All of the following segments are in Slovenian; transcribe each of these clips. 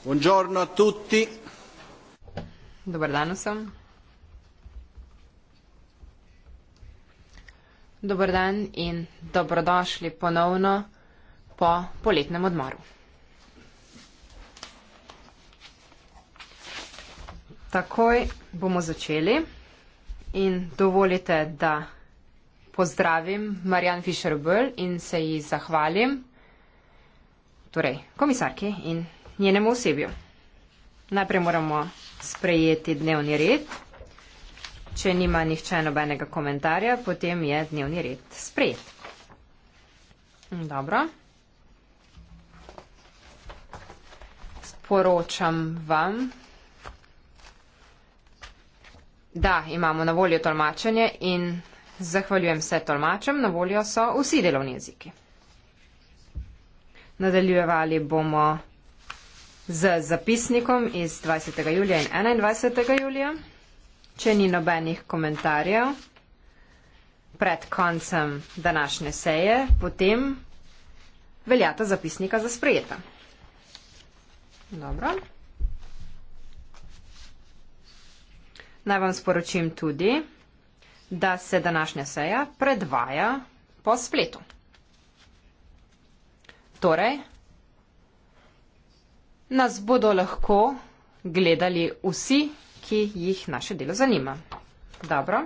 Buongiorno a tutti. Dobar dan vsem. Dobar dan in dobrodošli ponovno po poletnem odmoru. Takoj bomo začeli in dovolite, da pozdravim Marjan Fischer-Böll in se ji zahvalim, torej komisarki in njenemu osebju. Najprej moramo sprejeti dnevni red. Če nima nihče nobenega komentarja, potem je dnevni red sprejet. Dobro. Sporočam vam, da imamo na voljo tolmačenje in zahvaljujem se tolmačem, na voljo so vsi delovni jeziki. Nadaljevali bomo z zapisnikom iz 20. julija in 21. julija. Če ni nobenih komentarjev pred koncem današnje seje, potem veljata zapisnika za sprejeta. Dobro. Naj vam sporočim tudi, da se današnja seja predvaja po spletu. Torej, nas bodo lahko gledali vsi, ki jih naše delo zanima. Dobro.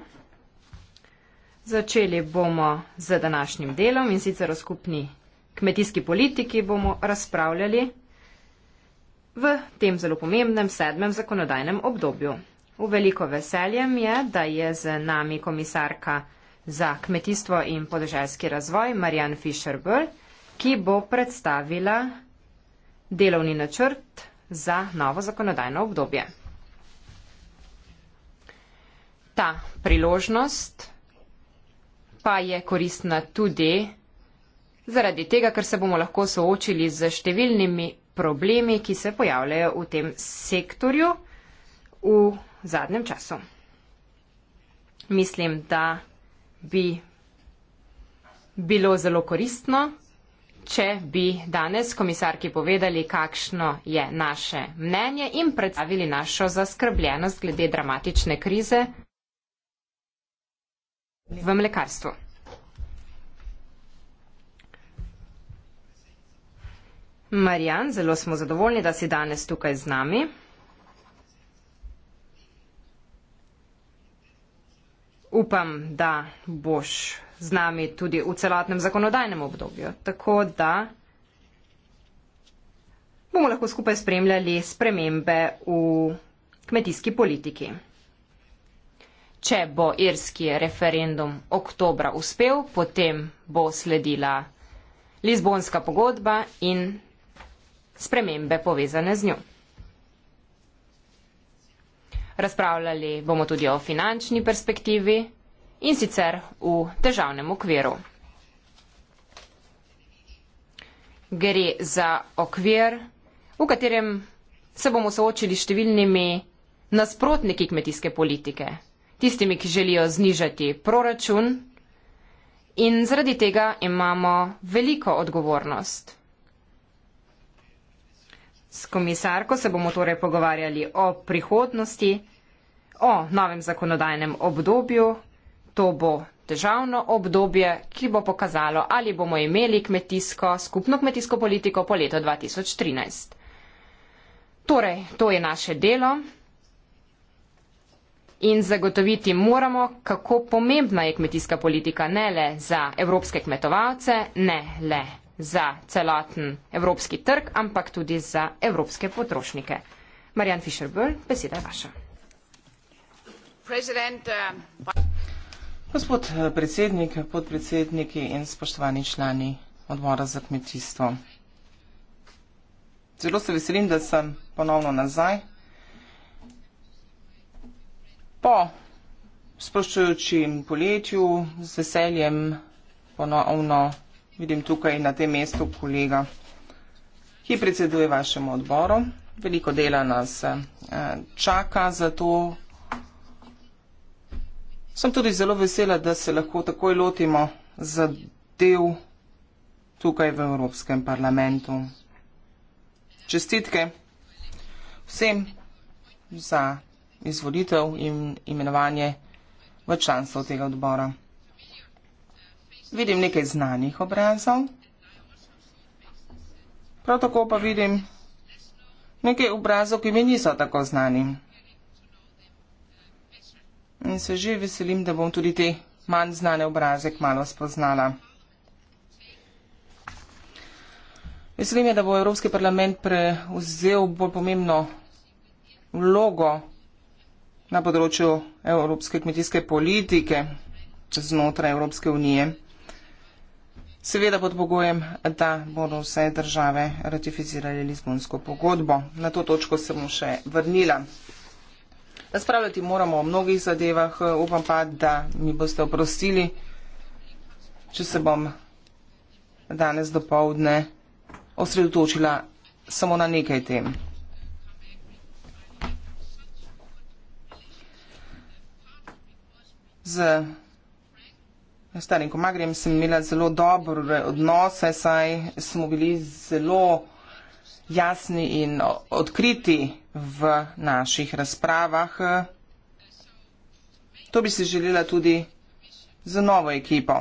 Začeli bomo z današnjim delom in sicer o skupni kmetijski politiki bomo razpravljali v tem zelo pomembnem sedmem zakonodajnem obdobju. V veliko veseljem je, da je z nami komisarka za kmetijstvo in podeželski razvoj Marjan Fischer-Böll, ki bo predstavila delovni načrt za novo zakonodajno obdobje. Ta priložnost pa je koristna tudi zaradi tega, ker se bomo lahko soočili z številnimi problemi, ki se pojavljajo v tem sektorju v zadnjem času. Mislim, da bi bilo zelo koristno, če bi danes komisarki povedali, kakšno je naše mnenje in predstavili našo zaskrbljenost glede dramatične krize v mlekarstvu. Marjan, zelo smo zadovoljni, da si danes tukaj z nami. upam, da boš z nami tudi v celotnem zakonodajnem obdobju. Tako da bomo lahko skupaj spremljali spremembe v kmetijski politiki. Če bo irski referendum oktobra uspel, potem bo sledila Lizbonska pogodba in spremembe povezane z njo razpravljali bomo tudi o finančni perspektivi in sicer v težavnem okviru. Gre za okvir, v katerem se bomo soočili številnimi nasprotniki kmetijske politike, tistimi, ki želijo znižati proračun in zaradi tega imamo veliko odgovornost. S komisarko se bomo torej pogovarjali o prihodnosti, o novem zakonodajnem obdobju. To bo težavno obdobje, ki bo pokazalo, ali bomo imeli kmetijsko, skupno kmetijsko politiko po letu 2013. Torej, to je naše delo in zagotoviti moramo, kako pomembna je kmetijska politika ne le za evropske kmetovalce, ne le za celoten evropski trg, ampak tudi za evropske potrošnike. Marjan Fischer-Böll, beseda je vaša. Eh, Gospod eh, predsednik, podpredsedniki in spoštovani člani odbora za kmetijstvo. Zelo se veselim, da sem ponovno nazaj. Po sproščujočem poletju z veseljem ponovno vidim tukaj na tem mestu kolega, ki predseduje vašemu odboru. Veliko dela nas eh, čaka, zato sem tudi zelo vesela, da se lahko takoj lotimo zadev tukaj v Evropskem parlamentu. Čestitke vsem za izvolitev in imenovanje v članstvo tega odbora. Vidim nekaj znanih obrazov. Prav tako pa vidim nekaj obrazov, ki mi niso tako znani. In se že veselim, da bom tudi te manj znane obraze kmalo spoznala. Veselim je, da bo Evropski parlament prevzel bolj pomembno vlogo na področju evropske kmetijske politike čez znotraj Evropske unije. Seveda pod pogojem, da bodo vse države ratificirali Lizbonsko pogodbo. Na to točko se bom še vrnila. Razpravljati moramo o mnogih zadevah, upam pa, da mi boste oprostili, če se bom danes do povdne osredotočila samo na nekaj tem. Z S starim komagrijem sem imela zelo dobre odnose, saj smo bili zelo jasni in odkriti v naših razpravah. To bi se želela tudi z novo ekipo.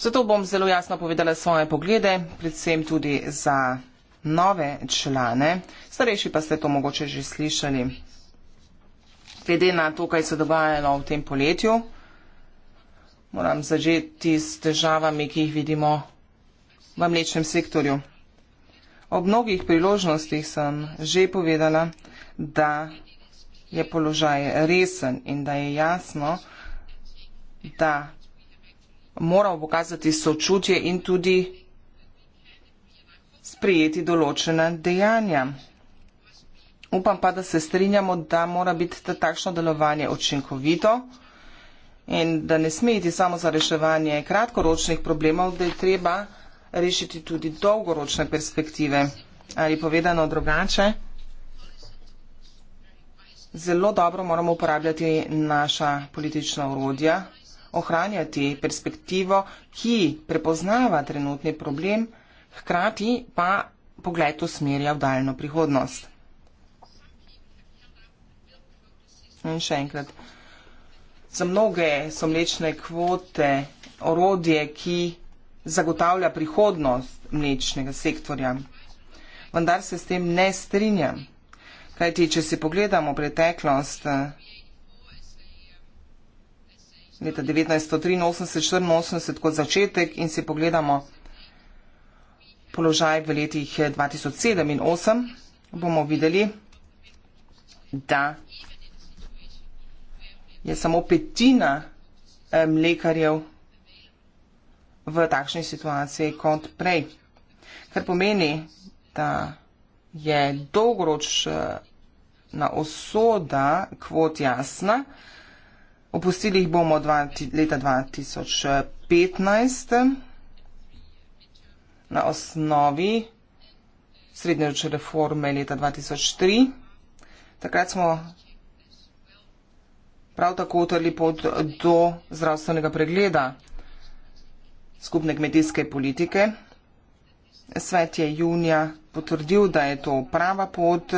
Zato bom zelo jasno povedala svoje poglede, predvsem tudi za nove člane. Starejši pa ste to mogoče že slišali glede na to, kaj se dogajalo v tem poletju, moram začeti s težavami, ki jih vidimo v mlečnem sektorju. Ob mnogih priložnostih sem že povedala, da je položaj resen in da je jasno, da moramo pokazati sočutje in tudi sprijeti določena dejanja. Upam pa, da se strinjamo, da mora biti takšno delovanje očinkovito in da ne sme iti samo za reševanje kratkoročnih problemov, da je treba rešiti tudi dolgoročne perspektive. Ali povedano drugače, zelo dobro moramo uporabljati naša politična urodja, ohranjati perspektivo, ki prepoznava trenutni problem, hkrati pa pogled usmerja v daljno prihodnost. In še enkrat, za mnoge so mlečne kvote orodje, ki zagotavlja prihodnost mlečnega sektorja. Vendar se s tem ne strinjam. Kajti, če si pogledamo preteklost eh, leta 1983-1984 kot začetek in si pogledamo položaj v letih 2007 eh, in 2008, bomo videli, da je samo petina eh, mlekarjev v takšni situaciji kot prej. Kar pomeni, da je dolgoročna eh, osoda kvot jasna. Opustili jih bomo dva, leta 2015 na osnovi srednjeročne reforme leta 2003. Takrat smo prav tako utrli pot do zdravstvenega pregleda skupne kmetijske politike. Svet je junija potrdil, da je to prava pot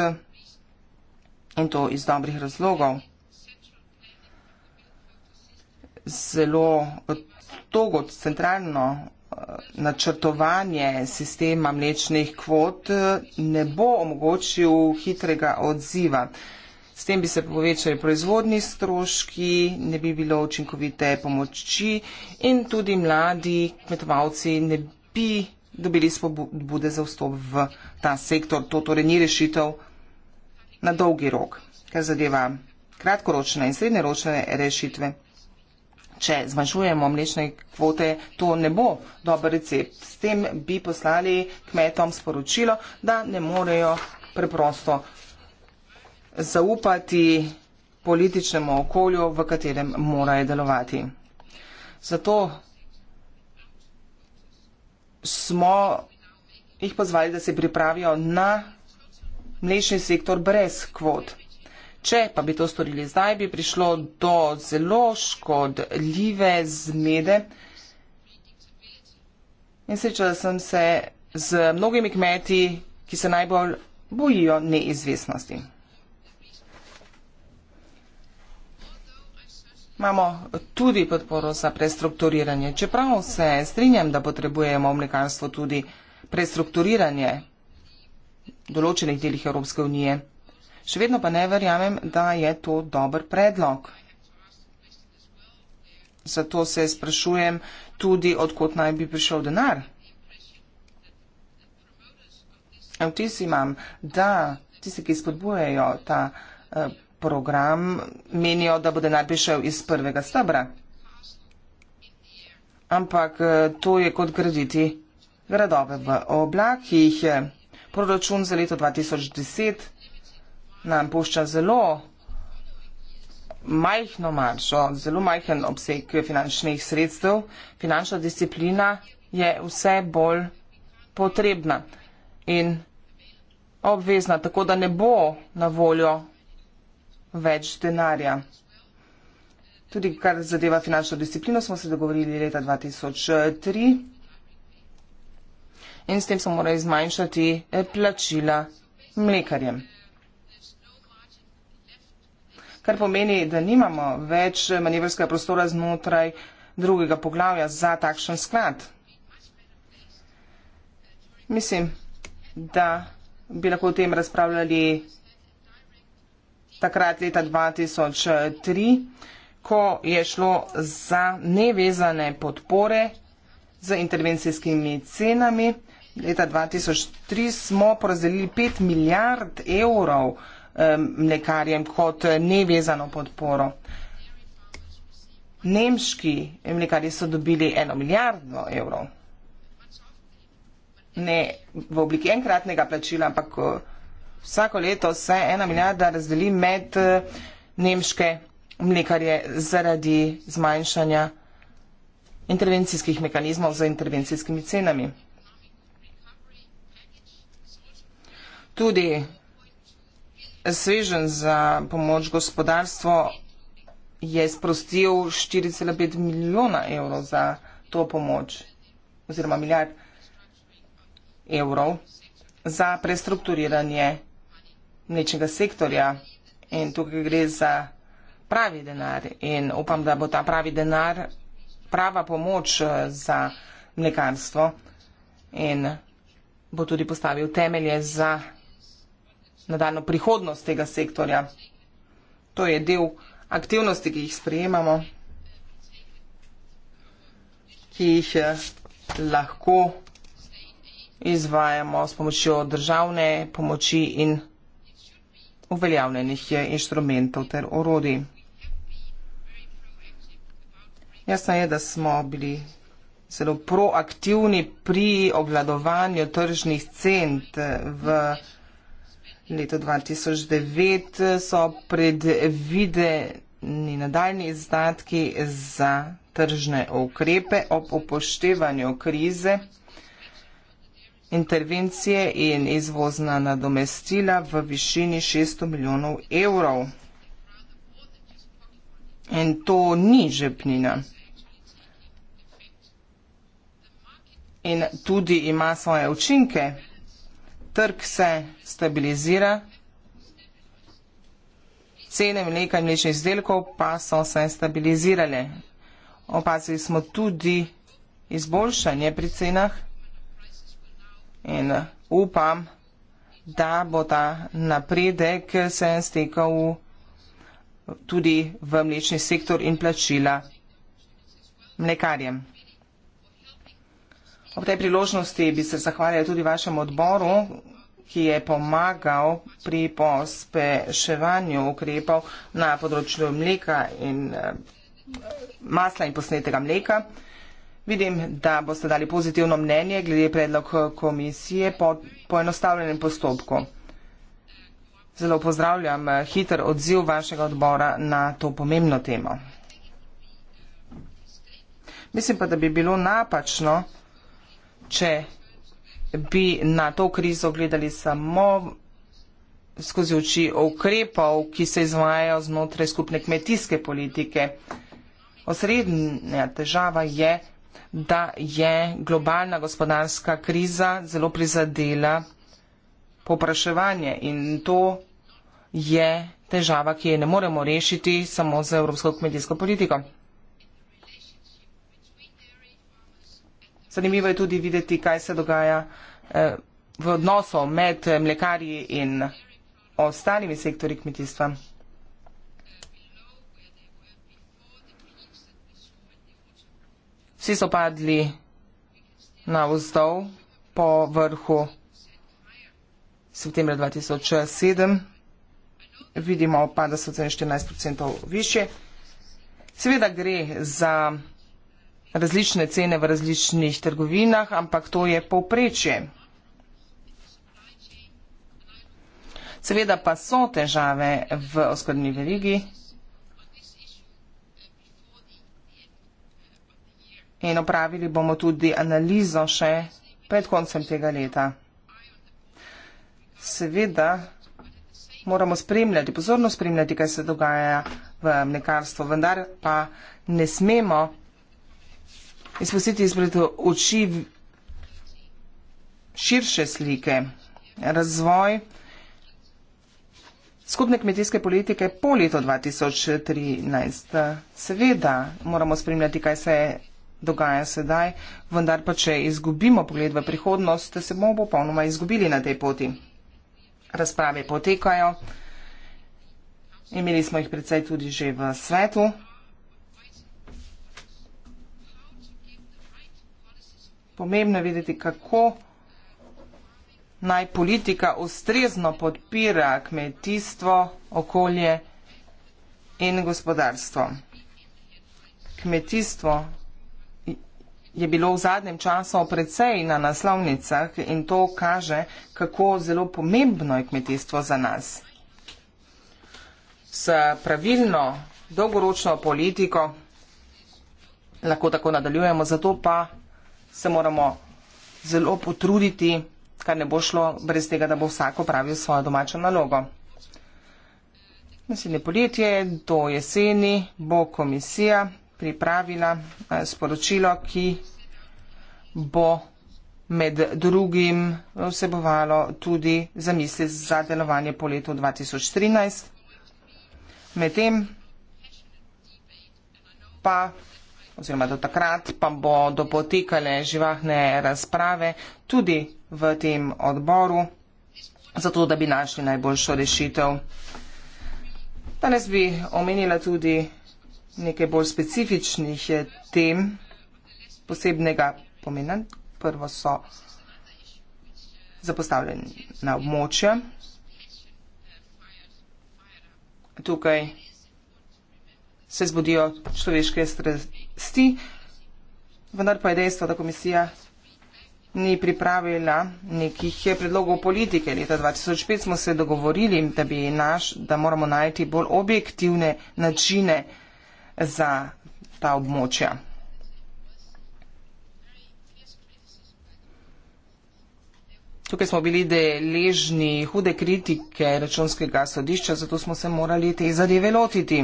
in to iz dobrih razlogov. Zelo togo centralno eh, načrtovanje sistema mlečnih kvot eh, ne bo omogočil hitrega odziva. S tem bi se povečali proizvodni stroški, ne bi bilo učinkovite pomoči in tudi mladi kmetovalci ne bi dobili spodbude za vstop v ta sektor. To torej ni rešitev na dolgi rok, kar zadeva kratkoročne in srednjeročne rešitve. Če zmanjšujemo mlečne kvote, to ne bo dober recept. S tem bi poslali kmetom sporočilo, da ne morejo preprosto zaupati političnemu okolju, v katerem morajo delovati. Zato smo jih pozvali, da se pripravijo na mlečni sektor brez kvot. Če pa bi to storili zdaj, bi prišlo do zelo škodljive zmede. In srečala sem se z mnogimi kmeti, ki se najbolj bojijo neizvestnosti. imamo tudi podporo za prestrukturiranje. Čeprav se strinjam, da potrebujemo v mlekarstvu tudi prestrukturiranje določenih delih Evropske unije, še vedno pa ne verjamem, da je to dober predlog. Zato se sprašujem tudi, odkot naj bi prišel denar. Vtis imam, da tisti, ki spodbujajo ta eh, program, menijo, da bo denar prišel iz prvega stebra. Ampak eh, to je kot graditi gradove v oblakih. Proračun za leto 2010 nam pušča zelo majhno maržo, zelo majhen obseg finančnih sredstev. Finančna disciplina je vse bolj potrebna in obvezna, tako da ne bo na voljo več denarja. Tudi kar zadeva finančno disciplino, smo se dogovorili leta 2003 in s tem smo morali zmanjšati eh, plačila mlekarjem. Kar pomeni, da nimamo več manevrskega prostora znotraj drugega poglavja za takšen sklad. Mislim, da bi lahko o tem razpravljali takrat leta 2003, ko je šlo za nevezane podpore z intervencijskimi cenami. Leta 2003 smo porazdelili 5 milijard evrov mlekarjem kot nevezano podporo. Nemški mlekarji so dobili eno milijardno evrov. Ne v obliki enkratnega plačila, ampak vsako leto se ena milijarda razdeli med eh, nemške mlekarje zaradi zmanjšanja intervencijskih mehanizmov za intervencijskimi cenami. Tudi svežen za pomoč gospodarstvo je sprostil 4,5 milijona evrov za to pomoč oziroma milijard evrov za prestrukturiranje mlečnega sektorja in tukaj gre za pravi denar in upam, da bo ta pravi denar prava pomoč eh, za mlekarstvo in bo tudi postavil temelje za nadaljno prihodnost tega sektorja. To je del aktivnosti, ki jih sprejemamo, ki jih eh, lahko izvajamo s pomočjo državne pomoči in državne uveljavljenih je inštrumentov ter orodij. Jasno je, da smo bili zelo proaktivni pri obladovanju tržnih cent v letu 2009, so predvideni nadaljni izdatki za tržne ukrepe ob upoštevanju krize intervencije in izvozna nadomestila v višini 600 milijonov evrov. In to ni žepnina. In tudi ima svoje učinke. Trg se stabilizira, cene mleka in mlečnih izdelkov pa so se stabilizirale. Opazili smo tudi izboljšanje pri cenah In eh, upam, da bo ta napredek eh, se stekal tudi v mlečni sektor in plačila mlekarjem. Ob tej priložnosti bi se zahvalila tudi vašemu odboru, ki je pomagal pri pospeševanju ukrepov na področju mleka in eh, masla in posnetega mleka. Vidim, da boste dali pozitivno mnenje glede predlog eh, komisije po poenostavljenem postopku. Zelo pozdravljam eh, hiter odziv vašega odbora na to pomembno temo. Mislim pa, da bi bilo napačno, če bi na to krizo gledali samo skozi oči ukrepov, ki se izvajajo znotraj skupne kmetijske politike. Osrednja težava je, da je globalna gospodarska kriza zelo prizadela popraševanje in to je težava, ki je ne moremo rešiti samo z evropsko kmetijsko politiko. Zanimivo je tudi videti, kaj se dogaja eh, v odnosu med mlekarji in ostalimi sektori kmetijstva. Vsi so padli na vzdolj po vrhu septembra 2007. Vidimo, pada so cene 14% više. Seveda gre za različne cene v različnih trgovinah, ampak to je povprečje. Seveda pa so težave v oskrbni verigi. in opravili bomo tudi analizo še pred koncem tega leta. Seveda moramo spremljati, pozorno spremljati, kaj se dogaja v mnekarstvu, vendar pa ne smemo izpustiti izpred oči širše slike. Razvoj skupne kmetijske politike po letu 2013. Seveda moramo spremljati, kaj se dogaja sedaj, vendar pa če izgubimo pogled v prihodnost, se bomo popolnoma izgubili na tej poti. Razprave potekajo, imeli smo jih predvsej tudi že v svetu. Pomembno je videti, kako naj politika ustrezno podpira kmetijstvo, okolje in gospodarstvo. Kmetijstvo, je bilo v zadnjem času precej na naslovnicah in to kaže, kako zelo pomembno je kmetijstvo za nas. S pravilno dolgoročno politiko lahko tako nadaljujemo, zato pa se moramo zelo potruditi, kar ne bo šlo brez tega, da bo vsak opravil svojo domačo nalogo. Naslednje poletje, to jeseni, bo komisija pripravila eh, sporočilo, ki bo med drugim vsebovalo tudi zamisli za delovanje po letu 2013. Medtem pa oziroma do takrat pa bodo potekale živahne razprave tudi v tem odboru, zato da bi našli najboljšo rešitev. Danes bi omenila tudi nekaj bolj specifičnih eh, tem posebnega pomena. Prvo so zapostavljena območja. Tukaj se zbudijo človeške stresti, vendar pa je dejstvo, da komisija ni pripravila nekih eh, predlogov politike. Leta 2005 smo se dogovorili, da, naš, da moramo najti bolj objektivne načine za ta območja. Tukaj smo bili deležni hude kritike računskega sodišča, zato smo se morali te zadeve lotiti.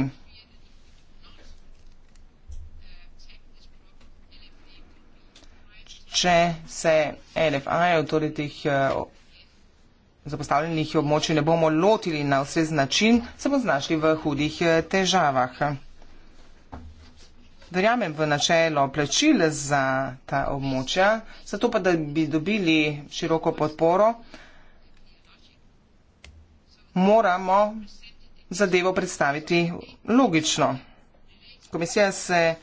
Če se LFI-ev, torej teh eh, zapostavljenih območij, ne bomo lotili na vse z način, se bomo znašli v hudih eh, težavah verjamem v načelo plačil za ta območja, zato pa, da bi dobili široko podporo, moramo zadevo predstaviti logično. Komisija se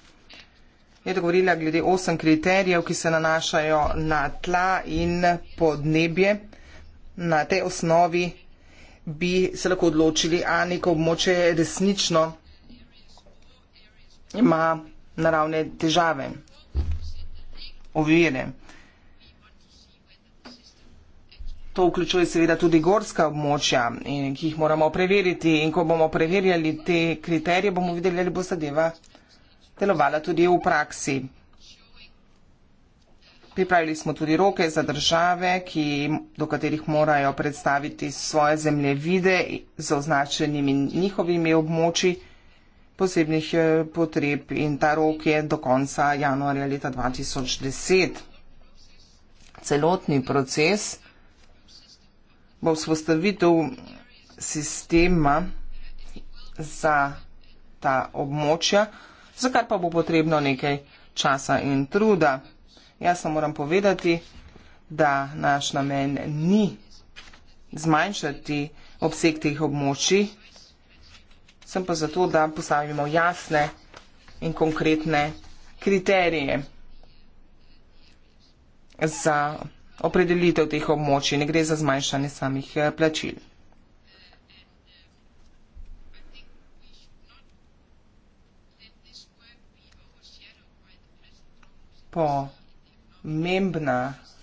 je dogovorila glede osem kriterijev, ki se nanašajo na tla in podnebje. Na tej osnovi bi se lahko odločili, a neko območje resnično ima naravne težave, ovire. To vključuje seveda tudi gorska območja, ki jih moramo preveriti in ko bomo preverjali te kriterije, bomo videli, ali bo zadeva delovala tudi v praksi. Pripravili smo tudi roke za države, ki, do katerih morajo predstaviti svoje zemljevide z označenimi njihovimi območji posebnih eh, potreb in ta rok je do konca januarja leta 2010. Celotni proces bo vzpostavitev sistema za ta območja, za kar pa bo potrebno nekaj časa in truda. Jaz sem moram povedati, da naš namen ni zmanjšati obseg teh območij, sem pa zato, da postavimo jasne in konkretne kriterije za opredelitev teh območij. Ne gre za zmanjšanje samih eh, plačil. Pomembna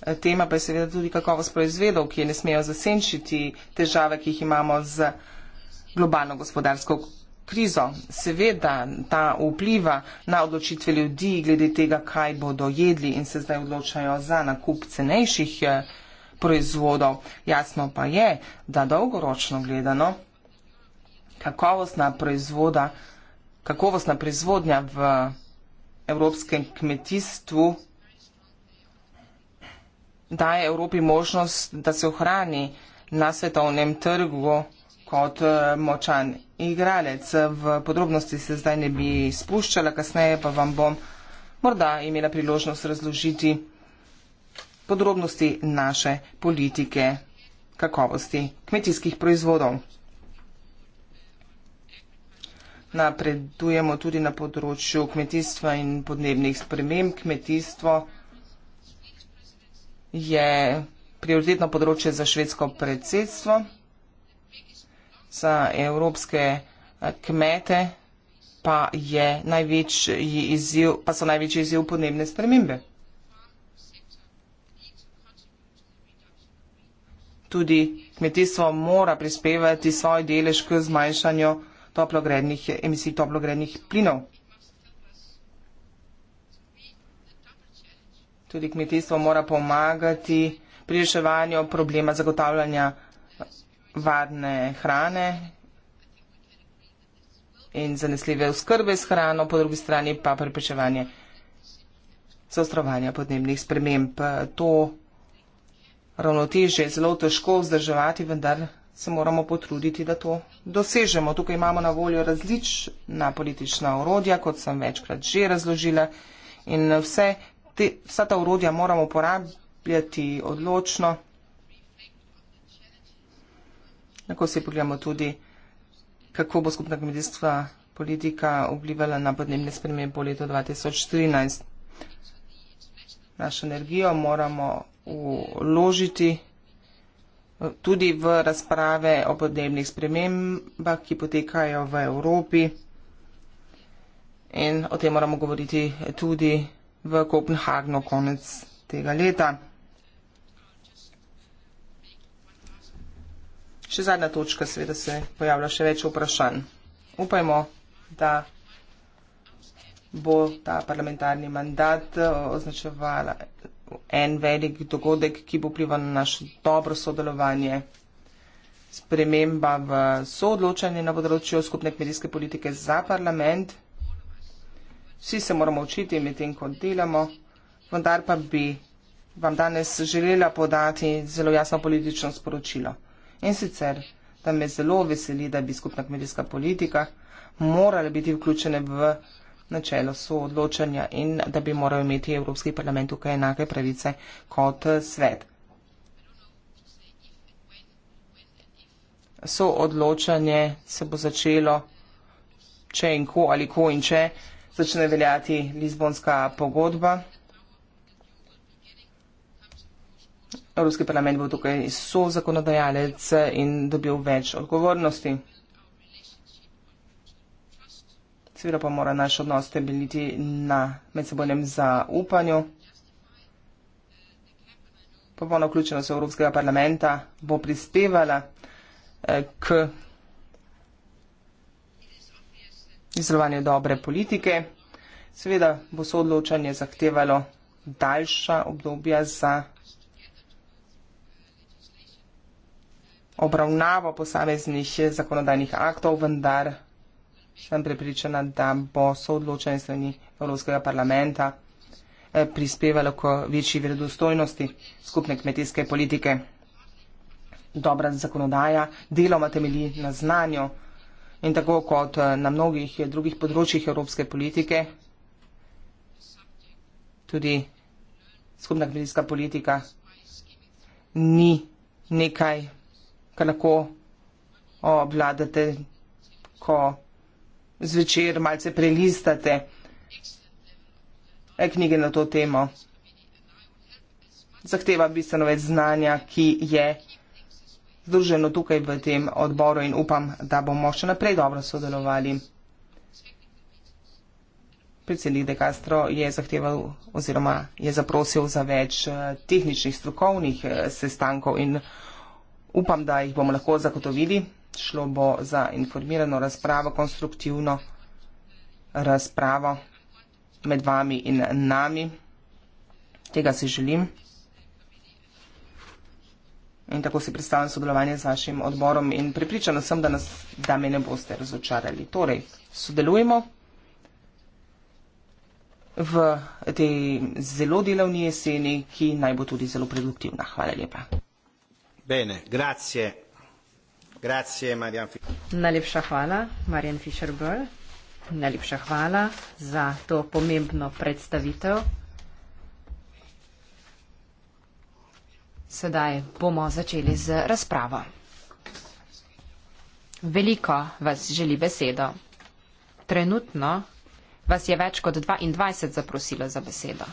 eh, tema pa je seveda tudi kakovost proizvedov, ki ne smejo zasenčiti težave, ki jih imamo z vsega, globalno gospodarsko krizo. Seveda ta vpliva na odločitve ljudi glede tega, kaj bodo jedli in se zdaj odločajo za nakup cenejših eh, proizvodov. Jasno pa je, da dolgoročno gledano kakovostna proizvoda, kakovostna proizvodnja v evropskem kmetijstvu daje Evropi možnost, da se ohrani na svetovnem trgu kot eh, močan igralec. V podrobnosti se zdaj ne bi spuščala, kasneje pa vam bom morda imela priložnost razložiti podrobnosti naše politike kakovosti kmetijskih proizvodov. Napredujemo tudi na področju kmetijstva in podnebnih sprememb. Kmetijstvo je prioritetno področje za švedsko predsedstvo za evropske eh, kmete pa, največji izziv, pa so največji izziv podnebne spremembe. Tudi kmetijstvo mora prispevati svoj delež k zmanjšanju toplogrednih, emisij toplogrednih plinov. Tudi kmetijstvo mora pomagati pri reševanju problema zagotavljanja varne hrane in zanesljive oskrbe s hrano, po drugi strani pa preprečevanje zaostrovanja podnebnih sprememb. To ravnotežje je zelo težko vzdrževati, vendar se moramo potruditi, da to dosežemo. Tukaj imamo na voljo različna politična urodja, kot sem večkrat že razložila, in vse te, vsa ta urodja moramo uporabljati odločno. Lahko si pogledamo tudi, kako bo skupna kmetijstva politika vplivala na podnebne spremembe po letu 2013. Našo energijo moramo uložiti eh, tudi v razprave o podnebnih spremembah, ki potekajo v Evropi. In o tem moramo govoriti tudi v Kopenhagnu konec tega leta. Še zadnja točka, seveda se pojavlja še več vprašanj. Upajmo, da bo ta parlamentarni mandat eh, označevala en velik dogodek, ki bo plival na naše dobro sodelovanje. Sprememba v soodločanje na področju skupne kmetijske politike za parlament. Vsi se moramo učiti medtem, ko delamo, vendar pa bi vam danes želela podati zelo jasno politično sporočilo. In sicer, da me zelo veseli, da bi skupna kmetijska politika morala biti vključene v načelo soodločanja in da bi moral imeti Evropski parlament tukaj enake pravice kot svet. Soodločanje se bo začelo, če in ko ali ko in če začne veljati Lizbonska pogodba. Evropski parlament bo tukaj so zakonodajalec in dobil več odgovornosti. Seveda pa mora naš odnos temeljiti na medsebojnem zaupanju. Popolna vključenost Evropskega parlamenta bo prispevala eh, k izdelovanju dobre politike. Seveda bo soodločanje zahtevalo daljša obdobja za obravnavo posameznih zakonodajnih aktov, vendar sem prepričana, da bo soodločenje strani Evropskega parlamenta eh, prispevalo k večji verodostojnosti skupne kmetijske politike. Dobra zakonodaja deloma temelji na znanju in tako kot eh, na mnogih drugih področjih evropske politike, tudi skupna kmetijska politika ni nekaj ki lahko obladate, ko zvečer malce prelistate e, knjige na to temo. Zahteva bistveno več znanja, ki je združeno tukaj v tem odboru in upam, da bomo še naprej dobro sodelovali. Predsednik De Castro je zahteval oziroma je zaprosil za več eh, tehničnih strokovnih eh, sestankov in Upam, da jih bomo lahko zagotovili. Šlo bo za informirano razpravo, konstruktivno razpravo med vami in nami. Tega si želim. In tako si predstavljam sodelovanje z vašim odborom in pripričana sem, da, nas, da me ne boste razočarali. Torej, sodelujemo v tej zelo delovni jeseni, ki naj bo tudi zelo produktivna. Hvala lepa. Bene, grazie. Grazie Marian Najlepša hvala, Marjan Fischerbrl. Najlepša hvala za to pomembno predstavitev. Sedaj bomo začeli z razpravo. Veliko vas želi besedo. Trenutno vas je več kot 22 zaprosilo za besedo.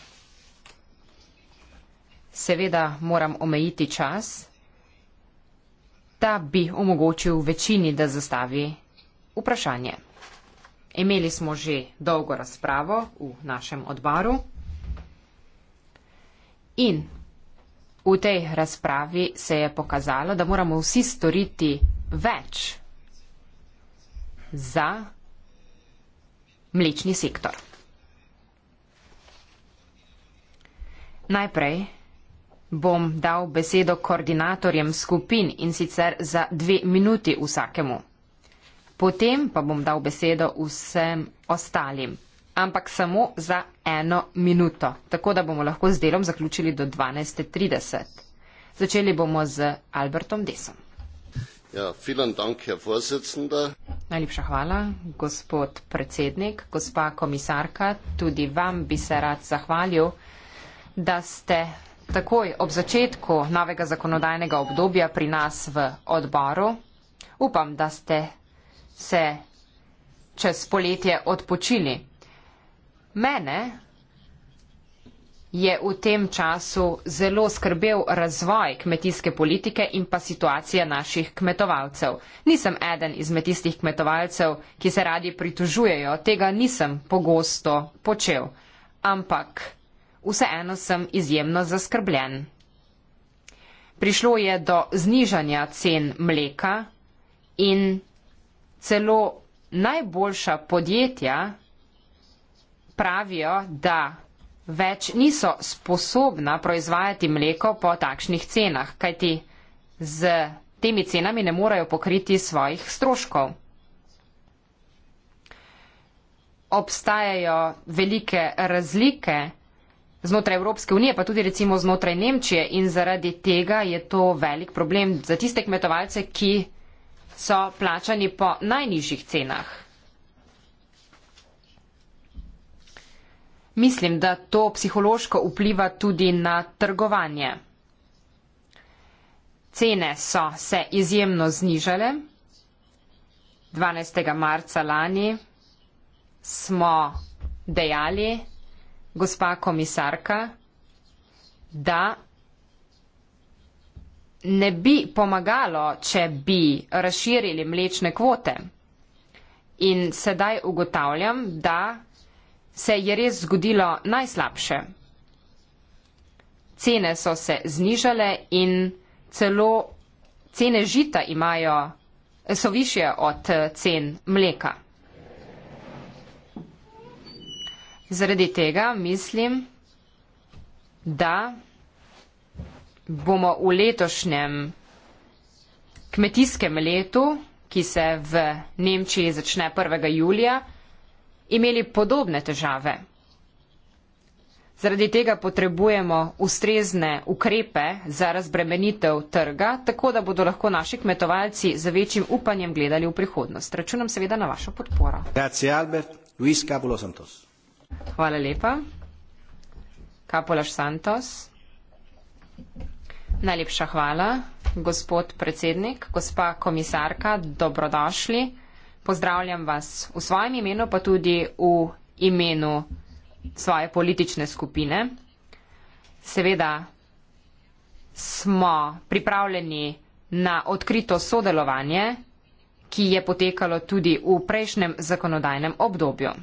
Seveda moram omejiti čas, Ta bi omogočil večini, da zastavi vprašanje. Imeli smo že dolgo razpravo v našem odbaru in v tej razpravi se je pokazalo, da moramo vsi storiti več za mlečni sektor. Najprej bom dal besedo koordinatorjem skupin in sicer za dve minuti vsakemu. Potem pa bom dal besedo vsem ostalim, ampak samo za eno minuto, tako da bomo lahko z delom zaključili do 12.30. Začeli bomo z Albertom Desom. Ja, vielen Dank, Herr Vorsitzender. Najlepša hvala, gospod predsednik, gospa komisarka, tudi vam bi se rad zahvalil, da ste Takoj ob začetku novega zakonodajnega obdobja pri nas v odboru. Upam, da ste se čez poletje odpočili. Mene je v tem času zelo skrbel razvoj kmetijske politike in pa situacija naših kmetovalcev. Nisem eden izmed tistih kmetovalcev, ki se radi pritožujejo, tega nisem pogosto počel. Ampak vseeno sem izjemno zaskrbljen. Prišlo je do znižanja cen mleka in celo najboljša podjetja pravijo, da več niso sposobna proizvajati mleko po takšnih cenah, kajti z temi cenami ne morejo pokriti svojih stroškov. Obstajajo velike razlike znotraj Evropske unije, pa tudi recimo znotraj Nemčije in zaradi tega je to velik problem za tiste kmetovalce, ki so plačani po najnižjih cenah. Mislim, da to psihološko vpliva tudi na trgovanje. Cene so se izjemno znižale. 12. marca lani smo dejali, gospa komisarka, da ne bi pomagalo, če bi razširili mlečne kvote. In sedaj ugotavljam, da se je res zgodilo najslabše. Cene so se znižale in celo cene žita imajo, so više od cen mleka. Zaradi tega mislim, da bomo v letošnjem kmetijskem letu, ki se v Nemčiji začne 1. julija, imeli podobne težave. Zaradi tega potrebujemo ustrezne ukrepe za razbremenitev trga, tako da bodo lahko naši kmetovalci z večjim upanjem gledali v prihodnost. Računam seveda na vašo podporo. Grazie, Albert. Luis Cabulo Santos. Hvala lepa. Kapolaš Santos. Najlepša hvala, gospod predsednik, gospa komisarka, dobrodošli. Pozdravljam vas v svojem imenu, pa tudi v imenu svoje politične skupine. Seveda smo pripravljeni na odkrito sodelovanje, ki je potekalo tudi v prejšnjem zakonodajnem obdobju.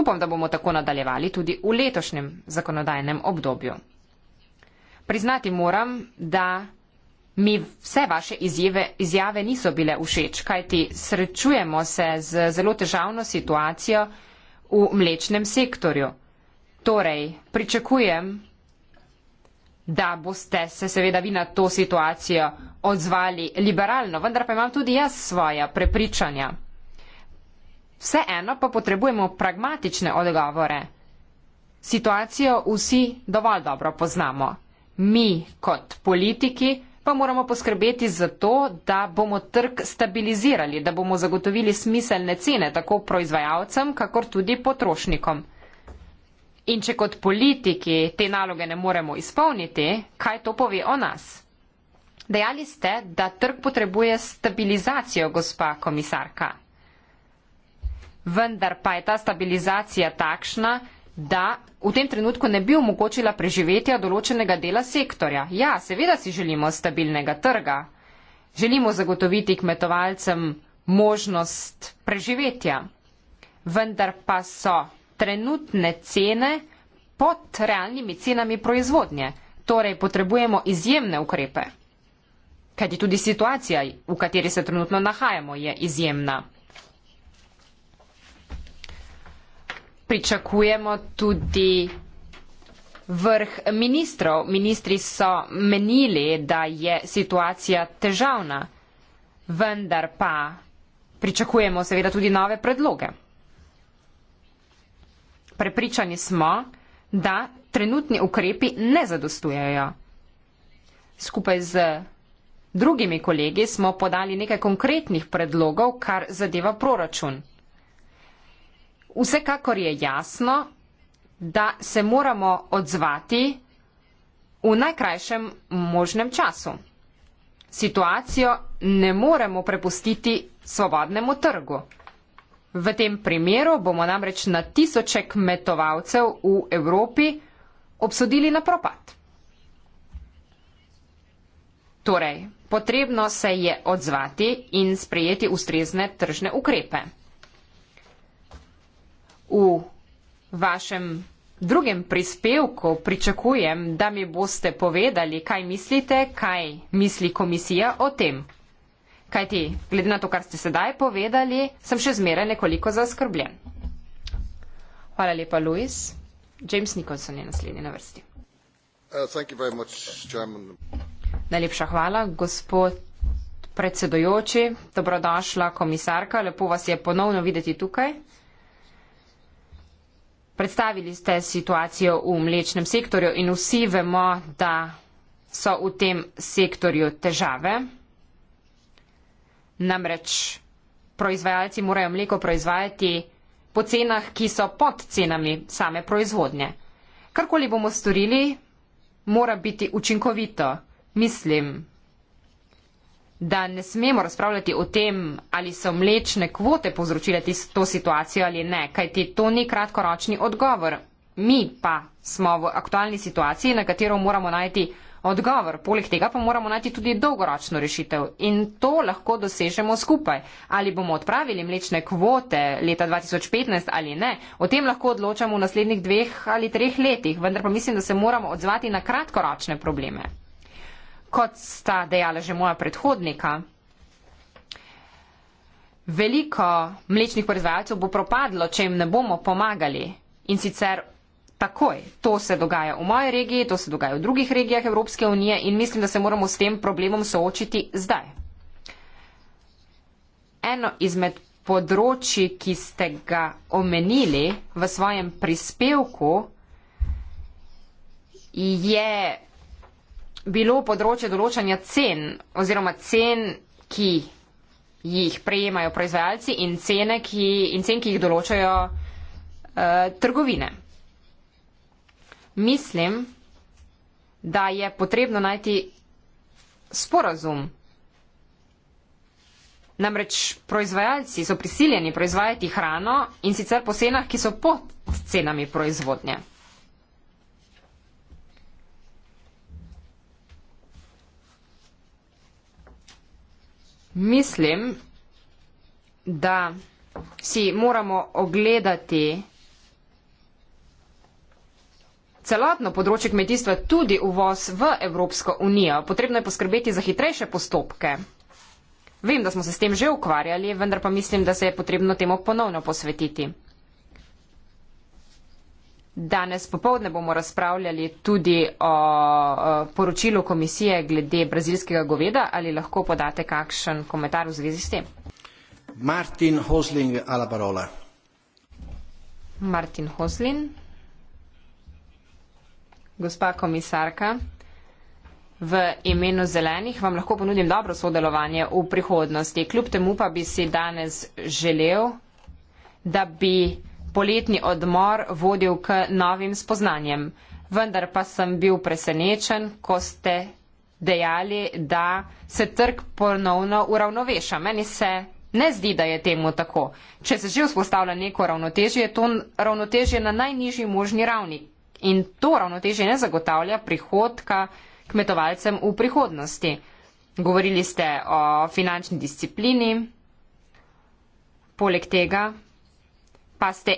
Upam, da bomo tako nadaljevali tudi v letošnjem zakonodajnem obdobju. Priznati moram, da mi vse vaše izjave, izjave niso bile všeč, kajti srečujemo se z zelo težavno situacijo v mlečnem sektorju. Torej, pričakujem, da boste se seveda vi na to situacijo odzvali liberalno, vendar pa imam tudi jaz svoja prepričanja. Vseeno pa potrebujemo pragmatične odgovore. Situacijo vsi dovolj dobro poznamo. Mi kot politiki pa moramo poskrbeti za to, da bomo trg stabilizirali, da bomo zagotovili smiselne cene tako proizvajalcem, kakor tudi potrošnikom. In če kot politiki te naloge ne moremo izpolniti, kaj to pove o nas? Dejali ste, da trg potrebuje stabilizacijo, gospa komisarka vendar pa je ta stabilizacija takšna, da v tem trenutku ne bi omogočila preživetja določenega dela sektorja. Ja, seveda si želimo stabilnega trga. Želimo zagotoviti kmetovalcem možnost preživetja. Vendar pa so trenutne cene pod realnimi cenami proizvodnje. Torej potrebujemo izjemne ukrepe. Kajti tudi situacija, v kateri se trenutno nahajamo, je izjemna. pričakujemo tudi vrh ministrov. Ministri so menili, da je situacija težavna, vendar pa pričakujemo seveda tudi nove predloge. Prepričani smo, da trenutni ukrepi ne zadostujejo. Skupaj z drugimi kolegi smo podali nekaj konkretnih predlogov, kar zadeva proračun vsekakor je jasno, da se moramo odzvati v najkrajšem možnem času. Situacijo ne moremo prepustiti svobodnemu trgu. V tem primeru bomo namreč na tisoče kmetovalcev v Evropi obsodili na propad. Torej, potrebno se je odzvati in sprejeti ustrezne tržne ukrepe v vašem drugem prispevku pričakujem, da mi boste povedali, kaj mislite, kaj misli komisija o tem. Kaj ti, glede na to, kar ste sedaj povedali, sem še zmeraj nekoliko zaskrbljen. Hvala lepa, Louis. James Nicholson je naslednji na vrsti. Uh, Najlepša hvala, gospod predsedojoči, dobrodošla komisarka, lepo vas je ponovno videti tukaj. Predstavili ste situacijo v mlečnem sektorju in vsi vemo, da so v tem sektorju težave. Namreč proizvajalci morajo mleko proizvajati po cenah, ki so pod cenami same proizvodnje. Karkoli bomo storili, mora biti učinkovito, mislim, da ne smemo razpravljati o tem, ali so mlečne kvote povzročile to situacijo ali ne, kajti to ni kratkoročni odgovor. Mi pa smo v aktualni situaciji, na katero moramo najti odgovor. Poleg tega pa moramo najti tudi dolgoročno rešitev in to lahko dosežemo skupaj. Ali bomo odpravili mlečne kvote leta 2015 ali ne, o tem lahko odločamo v naslednjih dveh ali treh letih, vendar pa mislim, da se moramo odzvati na kratkoročne probleme kot sta dejala že moja predhodnika, veliko mlečnih proizvajalcev bo propadlo, če jim ne bomo pomagali. In sicer takoj. To se dogaja v moji regiji, to se dogaja v drugih regijah Evropske unije in mislim, da se moramo s tem problemom soočiti zdaj. Eno izmed področji, ki ste ga omenili v svojem prispevku, je bilo področje določanja cen oziroma cen, ki jih prejemajo proizvajalci in, cene, ki, in cen, ki jih določajo uh, trgovine. Mislim, da je potrebno najti sporazum. Namreč proizvajalci so prisiljeni proizvajati hrano in sicer po cenah, ki so pod cenami proizvodnje. mislim, da si moramo ogledati celotno področje kmetijstva, tudi uvoz v Evropsko unijo. Potrebno je poskrbeti za hitrejše postopke. Vem, da smo se s tem že ukvarjali, vendar pa mislim, da se je potrebno temu ponovno posvetiti. Danes popovdne bomo razpravljali tudi o poročilu komisije glede brazilskega goveda. Ali lahko podate kakšen komentar v zvezi s tem? Martin Hosling, alla parola. Martin Hosling. Gospa komisarka, v imenu zelenih vam lahko ponudim dobro sodelovanje v prihodnosti. Kljub temu pa bi si danes želel, da bi poletni odmor vodil k novim spoznanjem. Vendar pa sem bil presenečen, ko ste dejali, da se trg ponovno uravnoveša. Meni se ne zdi, da je temu tako. Če se že vzpostavlja neko ravnotežje, je to ravnotežje na najnižji možni ravni. In to ravnotežje ne zagotavlja prihodka kmetovalcem v prihodnosti. Govorili ste o finančni disciplini. Poleg tega pa ste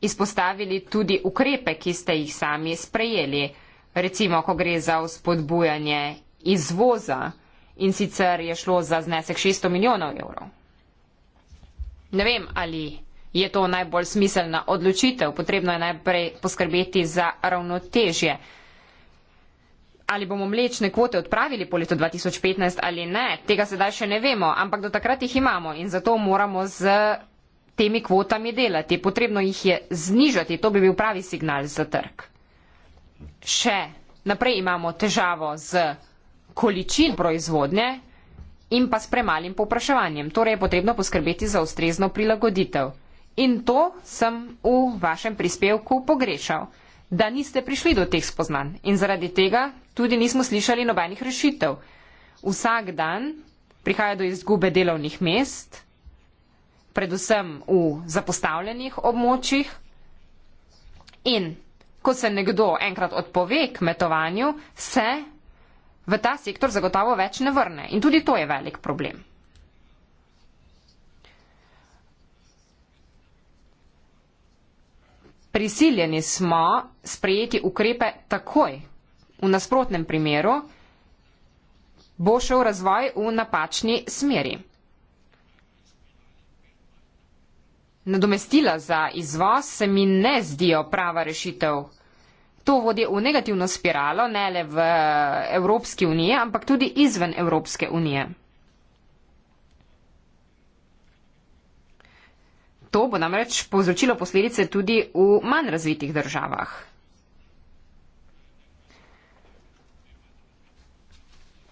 izpostavili tudi ukrepe, ki ste jih sami sprejeli, recimo, ko gre za vzpodbujanje izvoza in sicer je šlo za znesek 600 milijonov evrov. Ne vem, ali je to najbolj smiselna odločitev, potrebno je najprej poskrbeti za ravnotežje. Ali bomo mlečne kvote odpravili po letu 2015 ali ne, tega sedaj še ne vemo, ampak do takrat jih imamo in zato moramo z temi kvotami delati. Potrebno jih je znižati, to bi bil pravi signal za trg. Še naprej imamo težavo z količin proizvodnje in pa s premalim popraševanjem. Torej je potrebno poskrbeti za ustrezno prilagoditev. In to sem v vašem prispevku pogrešal, da niste prišli do teh spoznanj. In zaradi tega tudi nismo slišali nobenih rešitev. Vsak dan prihaja do izgube delovnih mest, predvsem v zapostavljenih območjih. In ko se nekdo enkrat odpove kmetovanju, se v ta sektor zagotovo več ne vrne. In tudi to je velik problem. Prisiljeni smo sprejeti ukrepe takoj. V nasprotnem primeru bo šel razvoj v napačni smeri. Nadomestila za izvoz se mi ne zdijo prava rešitev. To vodi v negativno spiralo ne le v eh, Evropski uniji, ampak tudi izven Evropske unije. To bo namreč povzročilo posledice tudi v manj razvitih državah.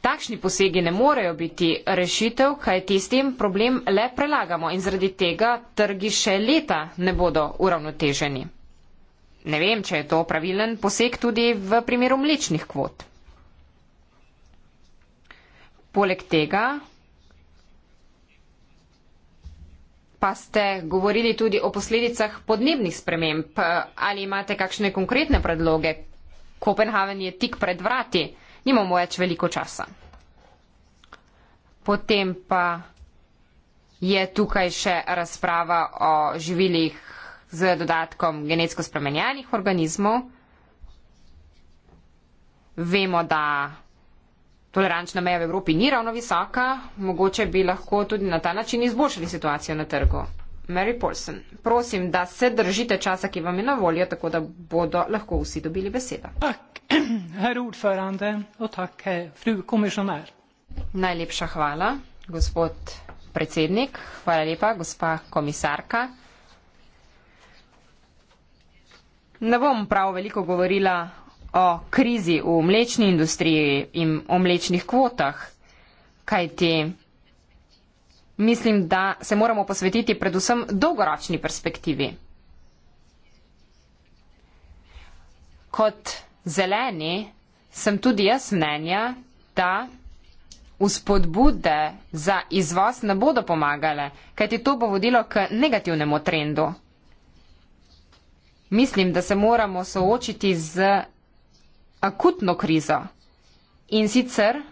Takšni posegi ne morejo biti rešitev, kaj ti s tem problem le prelagamo in zaradi tega trgi še leta ne bodo uravnoteženi. Ne vem, če je to pravilen poseg tudi v primeru mlečnih kvot. Poleg tega pa ste govorili tudi o posledicah podnebnih sprememb. Ali imate kakšne konkretne predloge? Kopenhaven je tik pred vrati nimamo več veliko časa. Potem pa je tukaj še razprava o živilih z dodatkom genetsko spremenjenih organizmov. Vemo, da tolerančna meja v Evropi ni ravno visoka, mogoče bi lahko tudi na ta način izboljšali situacijo na trgu. Mary Paulson, prosim, da se držite časa, ki vam je na voljo, tako da bodo lahko vsi dobili besedo. Tak, tak, eh, Najlepša hvala, gospod predsednik, hvala lepa, gospa komisarka. Ne bom prav veliko govorila o krizi v mlečni industriji in o mlečnih kvotah, kajti mislim, da se moramo posvetiti predvsem dolgoročni perspektivi. Kot zeleni sem tudi jaz mnenja, da vzpodbude za izvoz ne bodo pomagale, kajti to bo vodilo k negativnemu trendu. Mislim, da se moramo soočiti z akutno krizo in sicer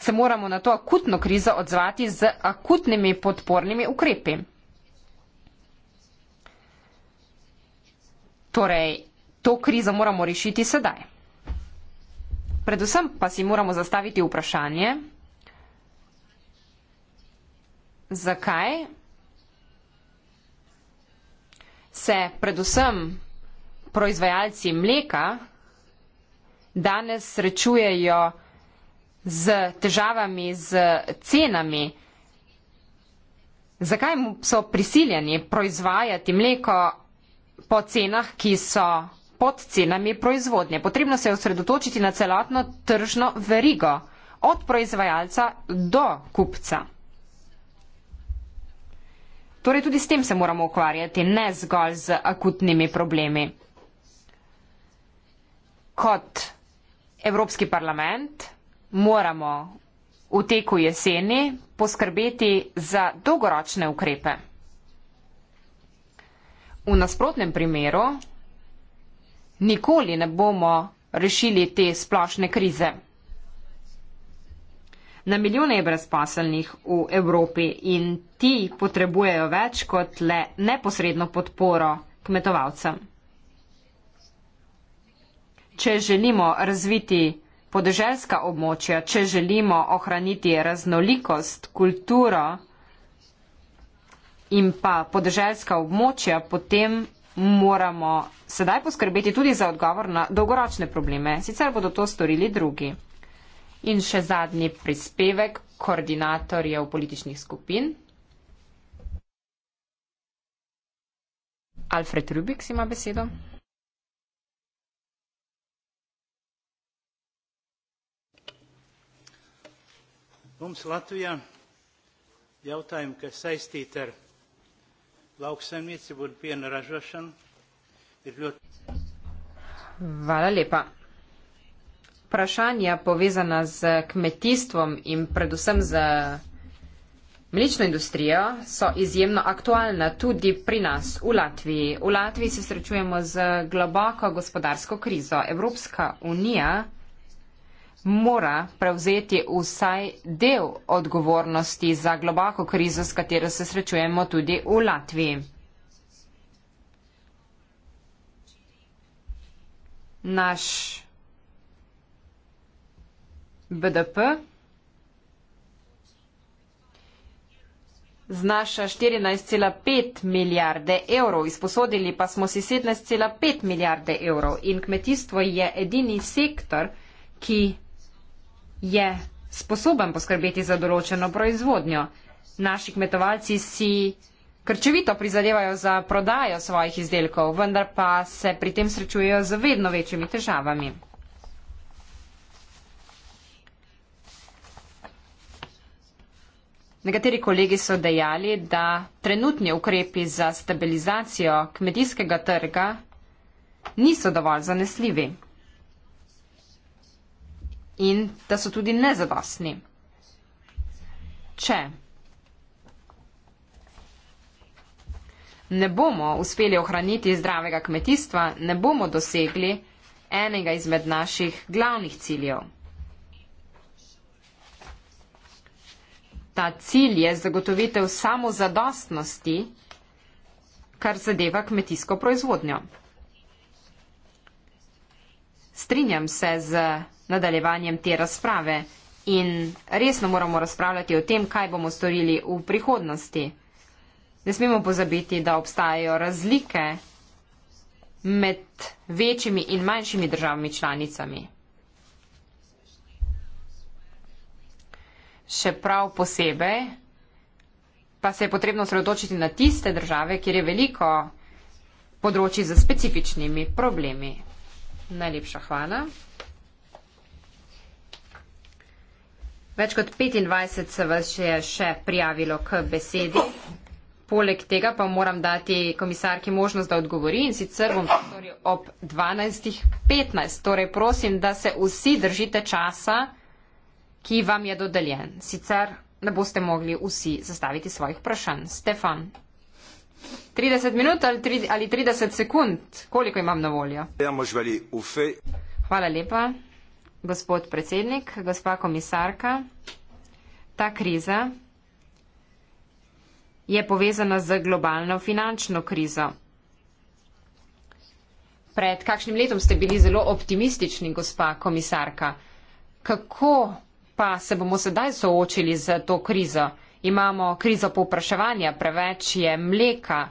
se moramo na to akutno krizo odzvati z akutnimi podpornimi ukrepi. Torej, to krizo moramo rešiti sedaj. Predvsem pa si moramo zastaviti vprašanje, zakaj se predvsem proizvajalci mleka danes srečujejo z težavami, z cenami. Zakaj so prisiljeni proizvajati mleko po cenah, ki so pod cenami proizvodnje? Potrebno se je osredotočiti na celotno tržno verigo, od proizvajalca do kupca. Torej tudi s tem se moramo ukvarjati, ne zgolj z akutnimi problemi. Kot Evropski parlament moramo v teku jeseni poskrbeti za dolgoročne ukrepe. V nasprotnem primeru nikoli ne bomo rešili te splošne krize. Na milijone je brezposelnih v Evropi in ti potrebujejo več kot le neposredno podporo kmetovalcem. Če želimo razviti podeželska območja, če želimo ohraniti raznolikost, kulturo in pa podeželska območja, potem moramo sedaj poskrbeti tudi za odgovor na dolgoročne probleme. Sicer bodo to storili drugi. In še zadnji prispevek koordinatorjev političnih skupin. Alfred Rubik ima besedo. Mums Latvijā jautājumi, kas saistīti ar lauksaimniecību un piena ražošanu, ir ļoti. Valalipa. Vprašanja povezana z eh, kmetijstvom in predvsem z eh, mlečno industrijo so izjemno aktualna tudi pri nas v Latviji. V Latviji se srečujemo z globoko gospodarsko krizo. Evropska unija mora prevzeti vsaj del odgovornosti za globako krizo, s katero se srečujemo tudi v Latviji. Naš BDP znaša 14,5 milijarde evrov, izposodili pa smo si 17,5 milijarde evrov in kmetijstvo je edini sektor, ki je sposoben poskrbeti za določeno proizvodnjo. Naši kmetovalci si krčevito prizadevajo za prodajo svojih izdelkov, vendar pa se pri tem srečujejo z vedno večjimi težavami. Nekateri kolegi so dejali, da trenutni ukrepi za stabilizacijo kmetijskega trga niso dovolj zanesljivi in da so tudi nezadostni. Če ne bomo uspeli ohraniti zdravega kmetijstva, ne bomo dosegli enega izmed naših glavnih ciljev. Ta cilj je zagotovitev samozadostnosti, kar zadeva kmetijsko proizvodnjo. Strinjam se z nadaljevanjem te razprave in resno moramo razpravljati o tem, kaj bomo storili v prihodnosti. Ne smemo pozabiti, da obstajajo razlike med večjimi in manjšimi državami članicami. Še prav posebej pa se je potrebno sredotočiti na tiste države, kjer je veliko področji za specifičnimi problemi. Najlepša hvala. Več kot 25 se vas je še, še prijavilo k besedi. Poleg tega pa moram dati komisarki možnost, da odgovori in sicer bom ob 12.15. Torej prosim, da se vsi držite časa, ki vam je dodeljen. Sicer ne boste mogli vsi zastaviti svojih vprašanj. Stefan, 30 minut ali 30 sekund, koliko imam na voljo? Hvala lepa gospod predsednik, gospa komisarka, ta kriza je povezana z globalno finančno krizo. Pred kakšnim letom ste bili zelo optimistični, gospa komisarka. Kako pa se bomo sedaj soočili z to krizo? Imamo krizo povpraševanja, preveč je mleka.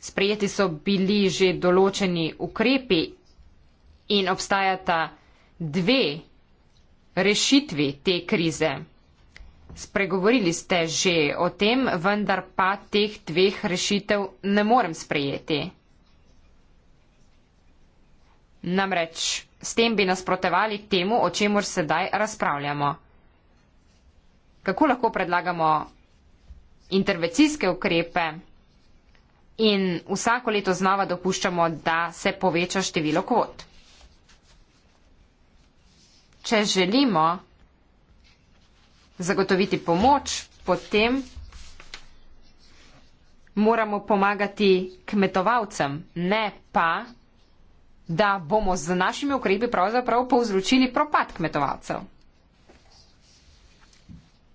Sprejeti so bili že določeni ukrepi in obstajata dve rešitvi te krize. Spregovorili ste že o tem, vendar pa teh dveh rešitev ne morem sprejeti. Namreč s tem bi nasprotevali temu, o čemur sedaj razpravljamo. Kako lahko predlagamo intervencijske ukrepe in vsako leto znova dopuščamo, da se poveča število kvot? če želimo zagotoviti pomoč, potem moramo pomagati kmetovalcem, ne pa, da bomo z našimi ukrepi pravzaprav povzročili propad kmetovalcev.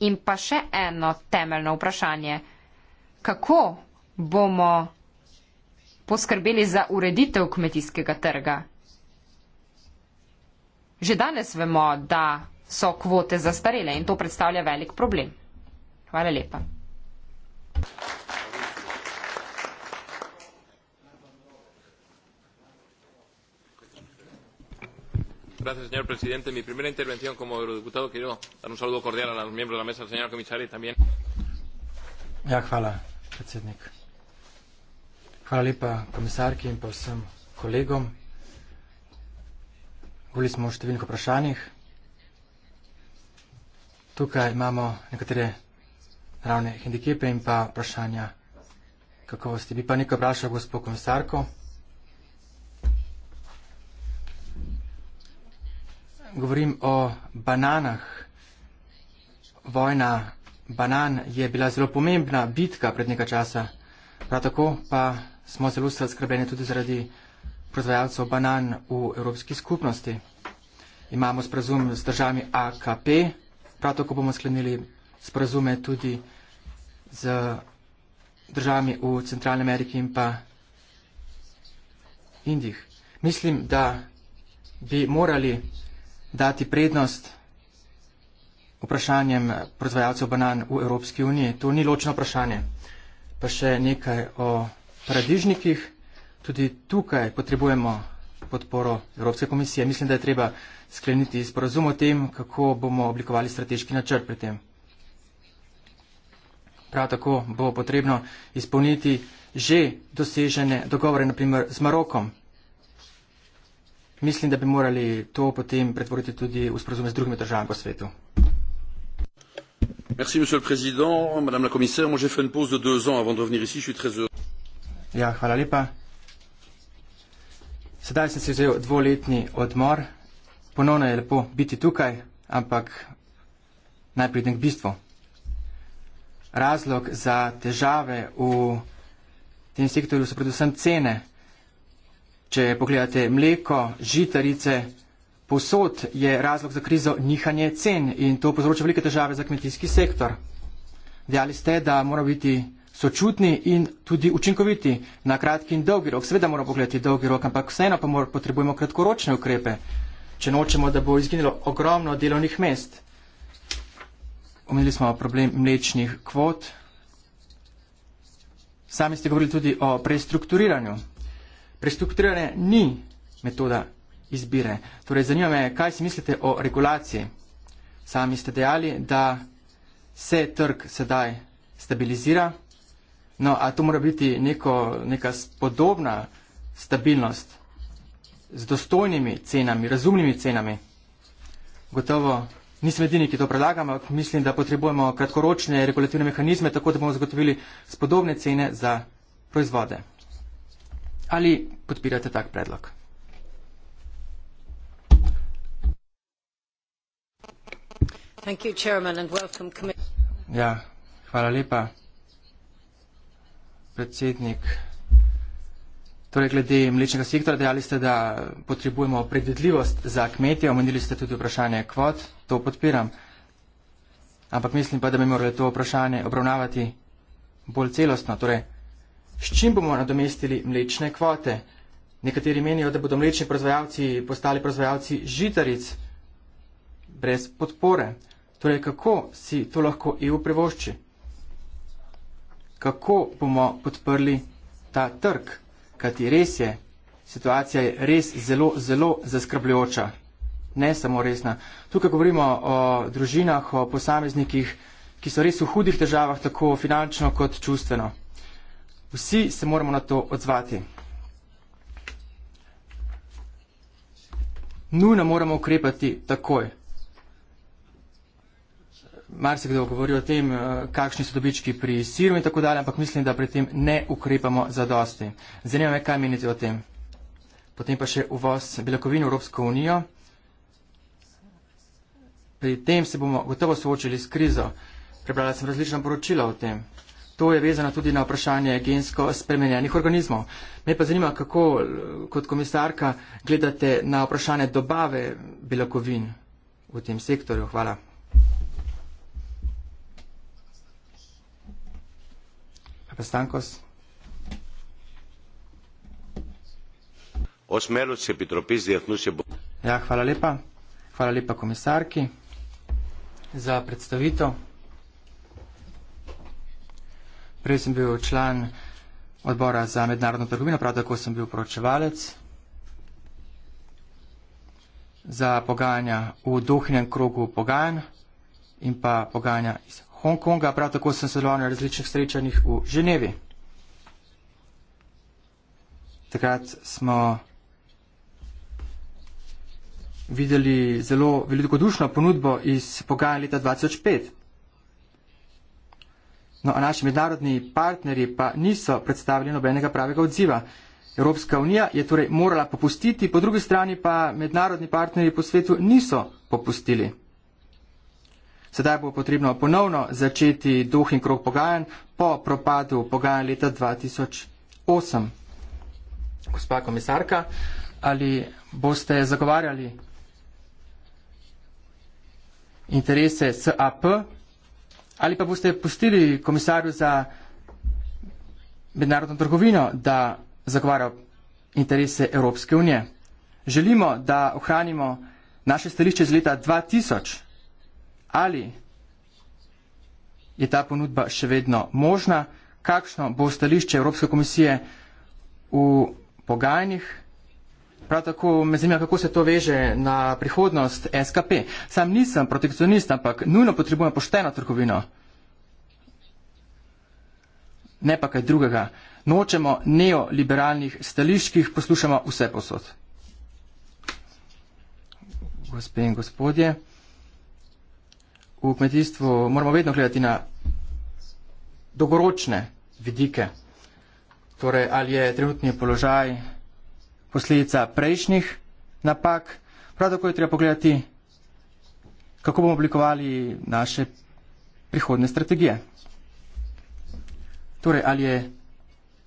In pa še eno temeljno vprašanje. Kako bomo poskrbeli za ureditev kmetijskega trga? Že danes vemo, da so kvote zastarele in to predstavlja velik problem. Hvala lepa. Gracias, señor presidente. Mi primera intervención como eurodiputado quiero dar un saludo cordial a los miembros de la mesa, al señor comisario y también. Ja, hvala, predsednik. Hvala lepa komisarki in pa vsem kolegom. Govorili smo o številnih vprašanjih. Tukaj imamo nekatere ravne hendikepe in pa vprašanja kakovosti. Bi pa nekaj vprašal gospod komisarko. Govorim o bananah. Vojna banan je bila zelo pomembna bitka pred nekaj časa. Prav tako pa smo zelo skrbeni tudi zaradi proizvajalcev banan v Evropski skupnosti. Imamo sprazum z državami AKP, prav tako bomo sklenili sprazume tudi z državami v Centralni Ameriki in pa Indijih. Mislim, da bi morali dati prednost vprašanjem proizvajalcev banan v Evropski uniji. To ni ločno vprašanje. Pa še nekaj o paradižnikih. Tudi tukaj potrebujemo podporo Evropske komisije. Mislim, da je treba skleniti sporazum o tem, kako bomo oblikovali strateški načrt pri tem. Prav tako bo potrebno izpolniti že dosežene dogovore, naprimer z Marokom. Mislim, da bi morali to potem pretvoriti tudi v sporazume z drugimi državami po svetu. Merci, la moi, j'ai fait une pause de deux ans avant de venir ici, je suis très heureux. Ja, hvala lepa. Sedaj sem si vzel dvoletni odmor, ponovno je lepo biti tukaj, ampak najprej nek bistvo. Razlog za težave v tem sektorju so predvsem cene. Če pogledate mleko, žitarice, posod je razlog za krizo nihanje cen in to povzroča velike težave za kmetijski sektor. Dejali ste, da mora biti sočutni in tudi učinkoviti na kratki in dolgi rok. Seveda moramo pogledati dolgi rok, ampak vseeno pa moramo, potrebujemo kratkoročne ukrepe, če nočemo, da bo izginilo ogromno delovnih mest. Omenili smo problem mlečnih kvot. Sami ste govorili tudi o prestrukturiranju. Prestrukturiranje ni metoda izbire. Torej, zanima me, kaj si mislite o regulaciji. Sami ste dejali, da se trg sedaj stabilizira. No, a to mora biti neko, neka podobna stabilnost z dostojnimi cenami, razumnimi cenami. Gotovo nisem edini, ki to predlagam, ampak mislim, da potrebujemo kratkoročne regulativne mehanizme, tako da bomo zagotovili spodobne cene za proizvode. Ali podpirate tak predlog? You, chairman, ja, hvala lepa predsednik. Torej, glede mlečnega sektora, dejali ste, da potrebujemo predvidljivost za kmetje, omenili ste tudi vprašanje kvot, to podpiram. Ampak mislim pa, da bi morali to vprašanje obravnavati bolj celostno. Torej, s čim bomo nadomestili mlečne kvote? Nekateri menijo, da bodo mlečni proizvajalci postali proizvajalci žitaric brez podpore. Torej, kako si to lahko EU privošči? kako bomo podprli ta trg, kajti res je, situacija je res zelo, zelo zaskrbljujoča. Ne samo resna. Tukaj govorimo o družinah, o posameznikih, ki so res v hudih težavah, tako finančno kot čustveno. Vsi se moramo na to odzvati. Nujno moramo ukrepati takoj marsikdo govori o tem, eh, kakšni so dobički pri siru in tako dalje, ampak mislim, da pri tem ne ukrepamo za dosti. Zanima me, kaj menite o tem. Potem pa še uvoz beljakovin v Evropsko unijo. Pri tem se bomo gotovo soočili s krizo. Prebrala sem različna poročila o tem. To je vezano tudi na vprašanje gensko spremenjenih organizmov. Me pa zanima, kako eh, kot komisarka gledate na vprašanje dobave beljakovin v tem sektorju. Hvala. Stankos. Ja, hvala lepa. Hvala lepa komisarki za predstavitev. Prej sem bil član odbora za mednarodno trgovino, prav tako sem bil poročevalec za pogajanja v duhnem krogu pogajanj in pa pogajanja iz Hongkonga, prav tako sem sodeloval na različnih srečanjih v Ženevi. Takrat smo videli zelo velikodušno ponudbo iz pogajanj leta 2005. No, a naši mednarodni partnerji pa niso predstavili nobenega pravega odziva. Evropska unija je torej morala popustiti, po drugi strani pa mednarodni partnerji po svetu niso popustili. Sedaj bo potrebno ponovno začeti duh in krok pogajanj po propadu pogajanj leta 2008. Gospa komisarka, ali boste zagovarjali interese SAP ali pa boste pustili komisarju za mednarodno trgovino, da zagovarja interese Evropske unije? Želimo, da ohranimo naše stališče iz leta 2000 ali je ta ponudba še vedno možna, kakšno bo stališče Evropske komisije v pogajanjih. Prav tako me zanima, kako se to veže na prihodnost SKP. Sam nisem protekcionist, ampak nujno potrebujem pošteno trgovino. Ne pa kaj drugega. Nočemo neoliberalnih stališč, ki jih poslušamo vse posod. Gospe in gospodje v kmetijstvu moramo vedno gledati na dolgoročne vidike. Torej, ali je trenutni položaj posledica prejšnjih napak, prav tako je treba pogledati, kako bomo oblikovali naše prihodne strategije. Torej, ali je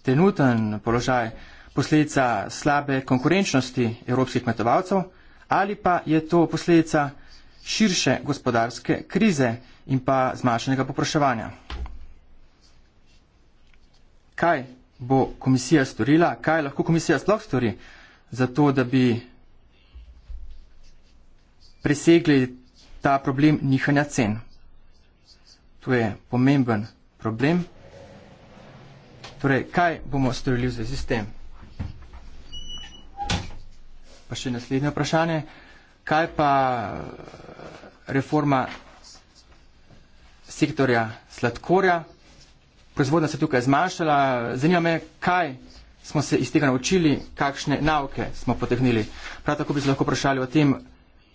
trenuten položaj posledica slabe konkurenčnosti evropskih kmetovalcev ali pa je to posledica širše gospodarske krize in pa zmanjšanega poprašovanja. Kaj bo komisija storila, kaj lahko komisija sploh stori, zato da bi presegli ta problem nihanja cen? To je pomemben problem. Torej, kaj bomo storili v zvezi s tem? Pa še naslednje vprašanje kaj pa eh, reforma sektorja sladkorja? Proizvodnja se je tukaj zmanjšala. Zanima me, kaj smo se iz tega naučili, kakšne nauke smo potehnili. Prav tako bi se lahko vprašali o tem,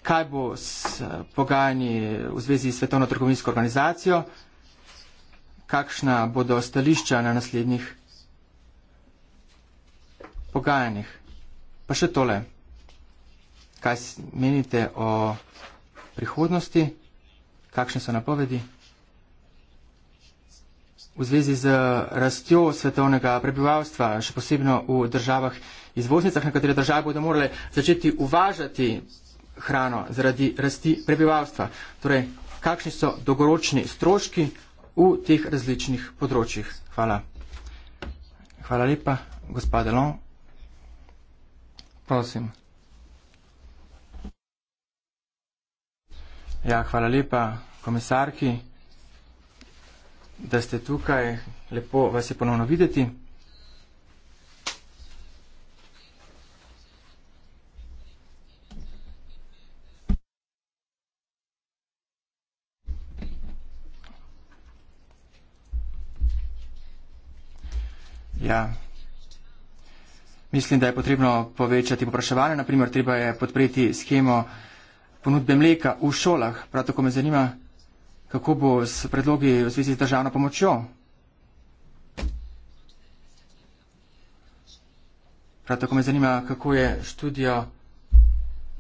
kaj bo s eh, pogajanji v zvezi s Svetovno trgovinsko organizacijo, kakšna bodo stališča na naslednjih pogajanjih. Pa še tole kaj menite o prihodnosti, kakšne so napovedi v zvezi z rastjo svetovnega prebivalstva, še posebno v državah izvoznicah, na katere države bodo morale začeti uvažati hrano zaradi rasti prebivalstva. Torej, kakšni so dolgoročni stroški v teh različnih področjih? Hvala. Hvala lepa, gospod Delon. Prosim. Ja, hvala lepa komisarki, da ste tukaj. Lepo vas je ponovno videti. Ja. Mislim, da je potrebno povečati popraševanje, naprimer treba je podpreti schemo ponudbe mleka v šolah. Prav tako me zanima, kako bo s predlogi v zvezi z državno pomočjo. Prav tako me zanima, kako je študija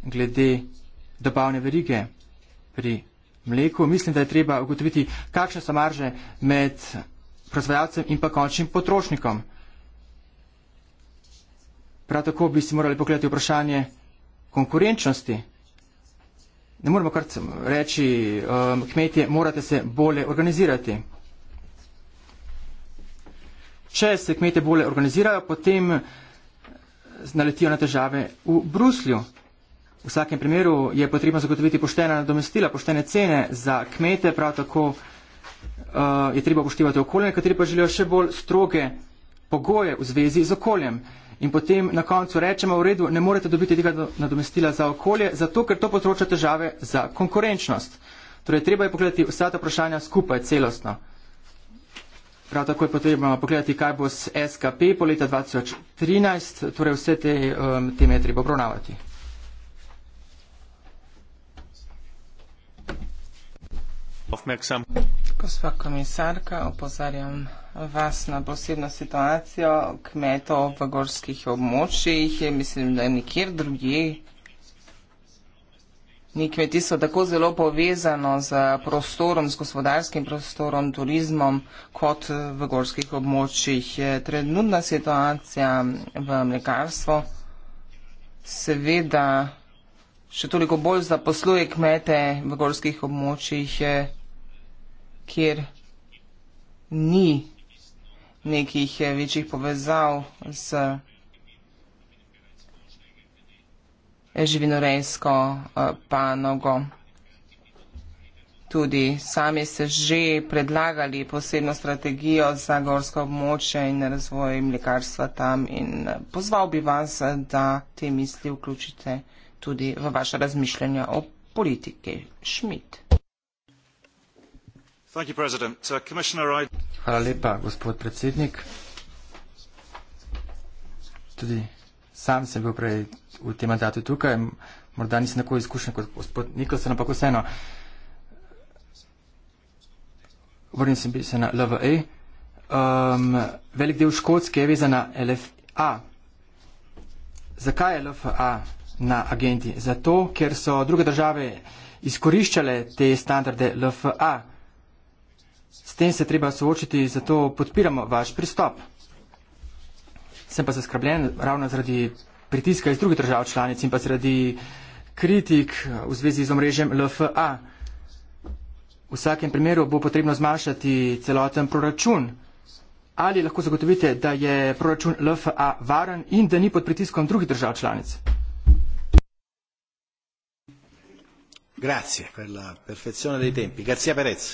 glede dobavne verige pri mleku. Mislim, da je treba ugotoviti, kakšne so marže med proizvajalcem in pa končnim potrošnikom. Prav tako bi si morali pogledati vprašanje konkurenčnosti ne moremo kar reči, um, kmetje, morate se bolje organizirati. Če se kmete bolje organizirajo, potem eh, naletijo na težave v Bruslju. V vsakem primeru je potrebno zagotoviti poštena nadomestila, poštene cene za kmete, prav tako uh, je treba upoštevati okolje, kateri pa želijo še bolj stroge pogoje v zvezi z okoljem. Uh, In potem na koncu rečemo, v redu, ne morete dobiti tega nadomestila za okolje, zato ker to potroča težave za konkurenčnost. Torej, treba je pogledati vsa ta vprašanja skupaj, celostno. Prav tako je potrebno pogledati, kaj bo s SKP po leta 2013, torej vse te, um, te metre treba obravnavati. Aufmerksam. Gospa komisarka, opozarjam vas na posebno situacijo kmetov v gorskih območjih. Mislim, da nikjer drugje ni kmetijstvo tako zelo povezano z prostorom, z gospodarskim prostorom, turizmom, kot v gorskih območjih. Trenutna situacija v mlekarstvu seveda še toliko bolj zaposluje kmete v gorskih območjih kjer ni nekih eh, večjih povezav z eh, živinorejsko eh, panogo. Tudi sami ste že predlagali posebno strategijo za gorsko območje in razvoj mlekarstva tam in pozval bi vas, da te misli vključite tudi v vaše razmišljanje o politiki Schmidt. Uh, hvala lepa gospod predsednik tudi sam sem bil prej v tem mandatu tukaj morda nisem tako izkušen kot gospod Nikolson ampak vseeno vrnil sem se na LVE um, velik del Škotske je vezan na LFA zakaj je LFA na agenti? Zato, ker so druge države izkoriščale te standarde LFA. S tem se treba soočiti, zato podpiramo vaš pristop. Sem pa zaskrbljen ravno zaradi pritiska iz drugih držav članic in pa zaradi kritik v zvezi z omrežjem LFA. V vsakem primeru bo potrebno zmanjšati celoten proračun. Ali lahko zagotovite, da je proračun LFA varen in da ni pod pritiskom drugih držav članic? Grazie, quella perfezione dei tempi. Grazie Perez.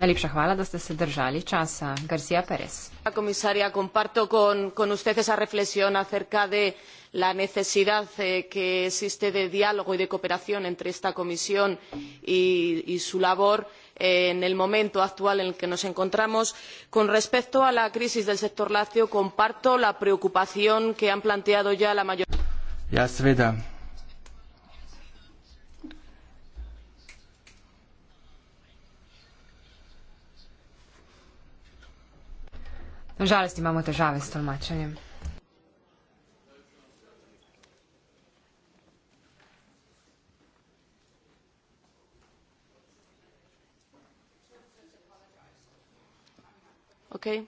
Najlepša hvala, da ste se držali časa. Garcia Pérez. Komisarja, comparto con, con usted esa reflexión acerca de la necesidad eh, que existe de diálogo y de cooperación entre esta comisión y, y su labor eh, en el momento actual en el que nos encontramos. Con respecto a la crisis del sector lácteo, comparto la preocupación que han planteado ya la mayoría. Ja, seveda. Na žalost imamo težave s tolmačenjem. Okay.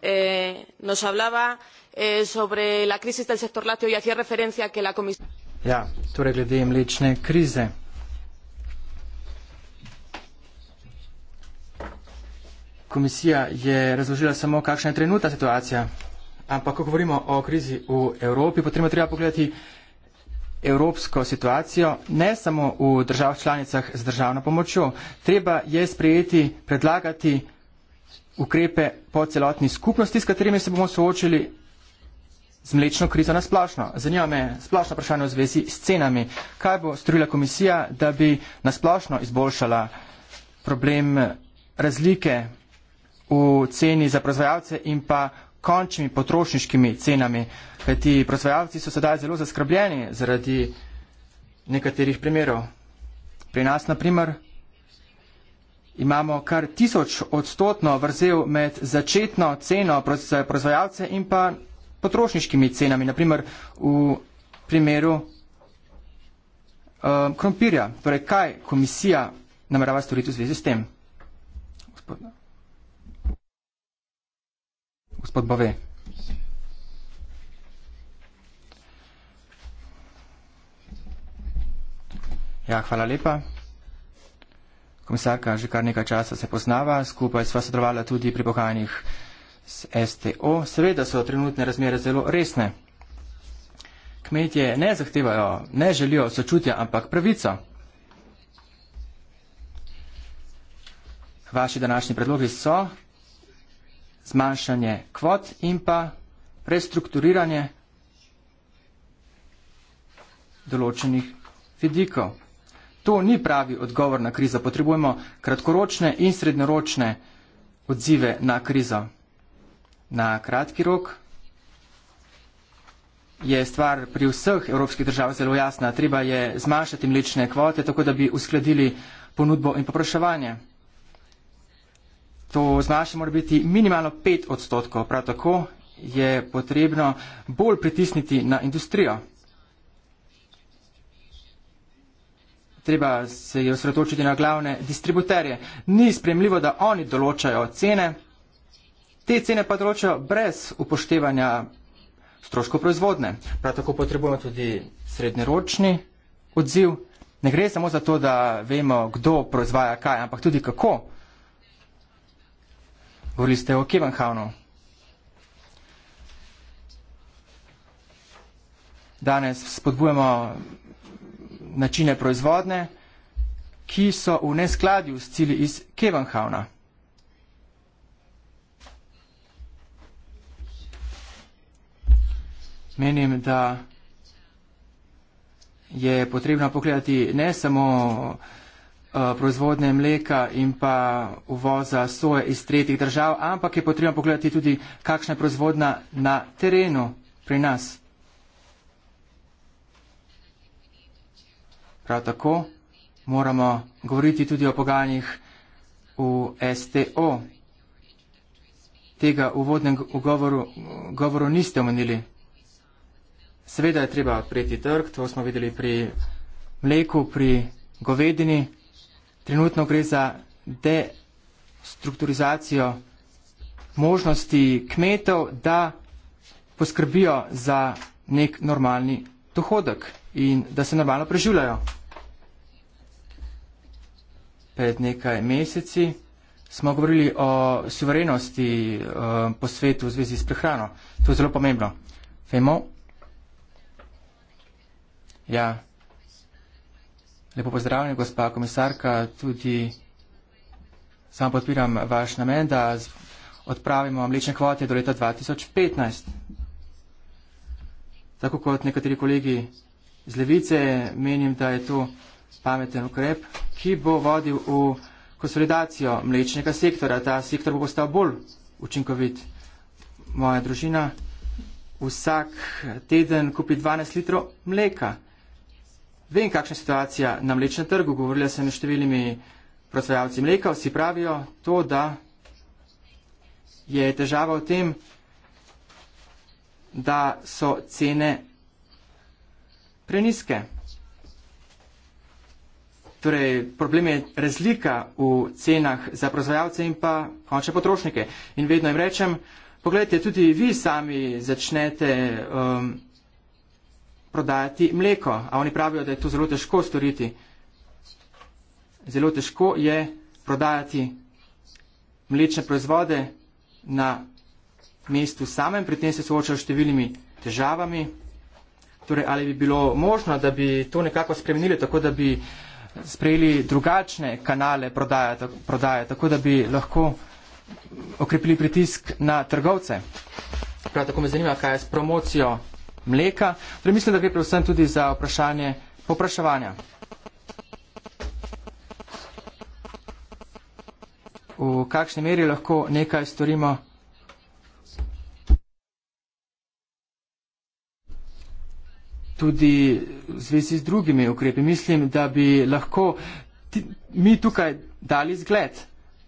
Eh, nos hablaba eh, sobre la crisis del sector lácteo y hacía referencia a que la comisión. Ja, torej glede mlečne krize. komisija je razložila samo, kakšna je trenutna situacija. Ampak, ko govorimo o krizi v Evropi, potrebno je treba pogledati evropsko situacijo, ne samo v državah članicah z državno pomočjo. Treba je sprejeti, predlagati ukrepe po celotni skupnosti, s katerimi se bomo soočili z mlečno krizo na splošno. Zanima me splošno vprašanje v zvezi s cenami. Kaj bo storila komisija, da bi na splošno izboljšala problem razlike v ceni za proizvajalce in pa končnimi potrošniškimi cenami. Kajti proizvajalci so sedaj zelo zaskrbljeni zaradi nekaterih primerov. Pri nas naprimer imamo kar tisoč odstotno vrzel med začetno ceno za proizvajalce in pa potrošniškimi cenami. Naprimer v primeru eh, krompirja. Torej, kaj komisija namerava storiti v zvezi s tem? Gospodina gospod Bove. Ja, hvala lepa. Komisarka, že kar nekaj časa se poznava, skupaj sva sodelovala tudi pri pogajanjih s STO. Seveda so trenutne razmere zelo resne. Kmetje ne zahtevajo, ne želijo sočutja, ampak pravico. Vaši današnji predlogi so, zmanjšanje kvot in pa prestrukturiranje določenih vidikov. To ni pravi odgovor na krizo. Potrebujemo kratkoročne in srednjeročne odzive na krizo. Na kratki rok je stvar pri vseh evropskih državah zelo jasna. Treba je zmanjšati mlečne kvote, tako da bi uskladili ponudbo in poprašovanje to znaša mora biti minimalno 5 odstotkov. Prav tako je potrebno bolj pritisniti na industrijo. Treba se je osredotočiti na glavne distributerje. Ni spremljivo, da oni določajo cene, te cene pa določajo brez upoštevanja stroško proizvodne. Prav tako potrebujemo tudi srednjeročni odziv. Ne gre samo za to, da vemo, kdo proizvaja kaj, ampak tudi kako. Govorili ste o Kevenhavnu. Danes spodbujamo načine proizvodne, ki so v neskladju s cili iz Kevenhavna. Menim, da je potrebno pogledati ne samo uh, Eh, proizvodnje mleka in pa uvoza soje iz tretjih držav, ampak je potrebno pogledati tudi, kakšna je proizvodna na terenu pri nas. Prav tako moramo govoriti tudi o pogajanjih v STO. Tega v uvodnem govoru, govoru niste omenili. Seveda je treba priti trg, to smo videli pri mleku, pri govedini, Trenutno gre za destrukturizacijo možnosti kmetov, da poskrbijo za nek normalni dohodek in da se normalno preživljajo. Pred nekaj meseci smo govorili o suverenosti eh, po svetu v zvezi s prehrano. To je zelo pomembno. Vemo? Ja. Lepo pozdravljeni, gospa komisarka, tudi sam podpiram vaš namen, da odpravimo mlečne kvote do leta 2015. Tako kot nekateri kolegi z levice, menim, da je to pameten ukrep, ki bo vodil v konsolidacijo mlečnega sektora. Ta sektor bo postal bolj učinkovit. Moja družina vsak teden kupi 12 litrov mleka. Vem, kakšna je situacija na mlečnem trgu. Govorila sem s številnimi proizvajalci mleka. Vsi pravijo to, da je težava v tem, da so cene preniske. Torej, problem je razlika v cenah za proizvajalce in pa končne potrošnike. In vedno jim rečem, pogledajte, tudi vi sami začnete. Um, prodajati mleko. A oni pravijo, da je to zelo težko storiti. Zelo težko je prodajati mlečne proizvode na mestu samem, pri tem se soočajo številnimi težavami. Torej, ali bi bilo možno, da bi to nekako spremenili, tako da bi sprejeli drugačne kanale prodaje, tako, prodaje, tako da bi lahko okrepili pritisk na trgovce. Prav tako me zanima, kaj je s promocijo mleka. Torej mislim, da gre predvsem tudi za vprašanje popraševanja. V kakšni meri lahko nekaj storimo? Tudi v zvezi z drugimi ukrepi. Mislim, da bi lahko mi tukaj dali zgled.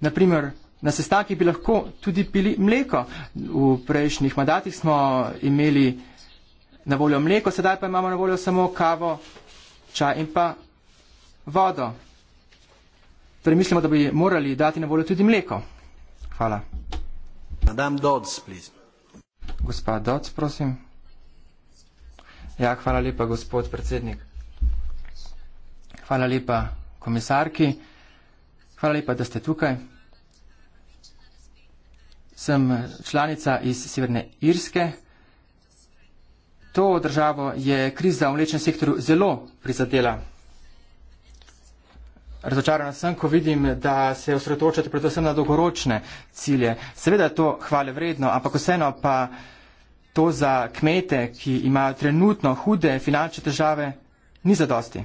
Naprimer, na sestankih bi lahko tudi pili mleko. V prejšnjih mandatih smo imeli na voljo mleko, sedaj pa imamo na voljo samo kavo, čaj in pa vodo. Torej mislimo, da bi morali dati na voljo tudi mleko. Hvala. Madame Dodds, prosim. Gospa Dodds, prosim. Ja, hvala lepa, gospod predsednik. Hvala lepa komisarki. Hvala lepa, da ste tukaj. Sem članica iz Severne Irske. To državo je kriza v mlečnem sektorju zelo prizadela. Razočarana sem, ko vidim, da se osredotočate predvsem na dolgoročne cilje. Seveda je to hvale vredno, ampak vseeno pa to za kmete, ki imajo trenutno hude finančne težave, ni zadosti.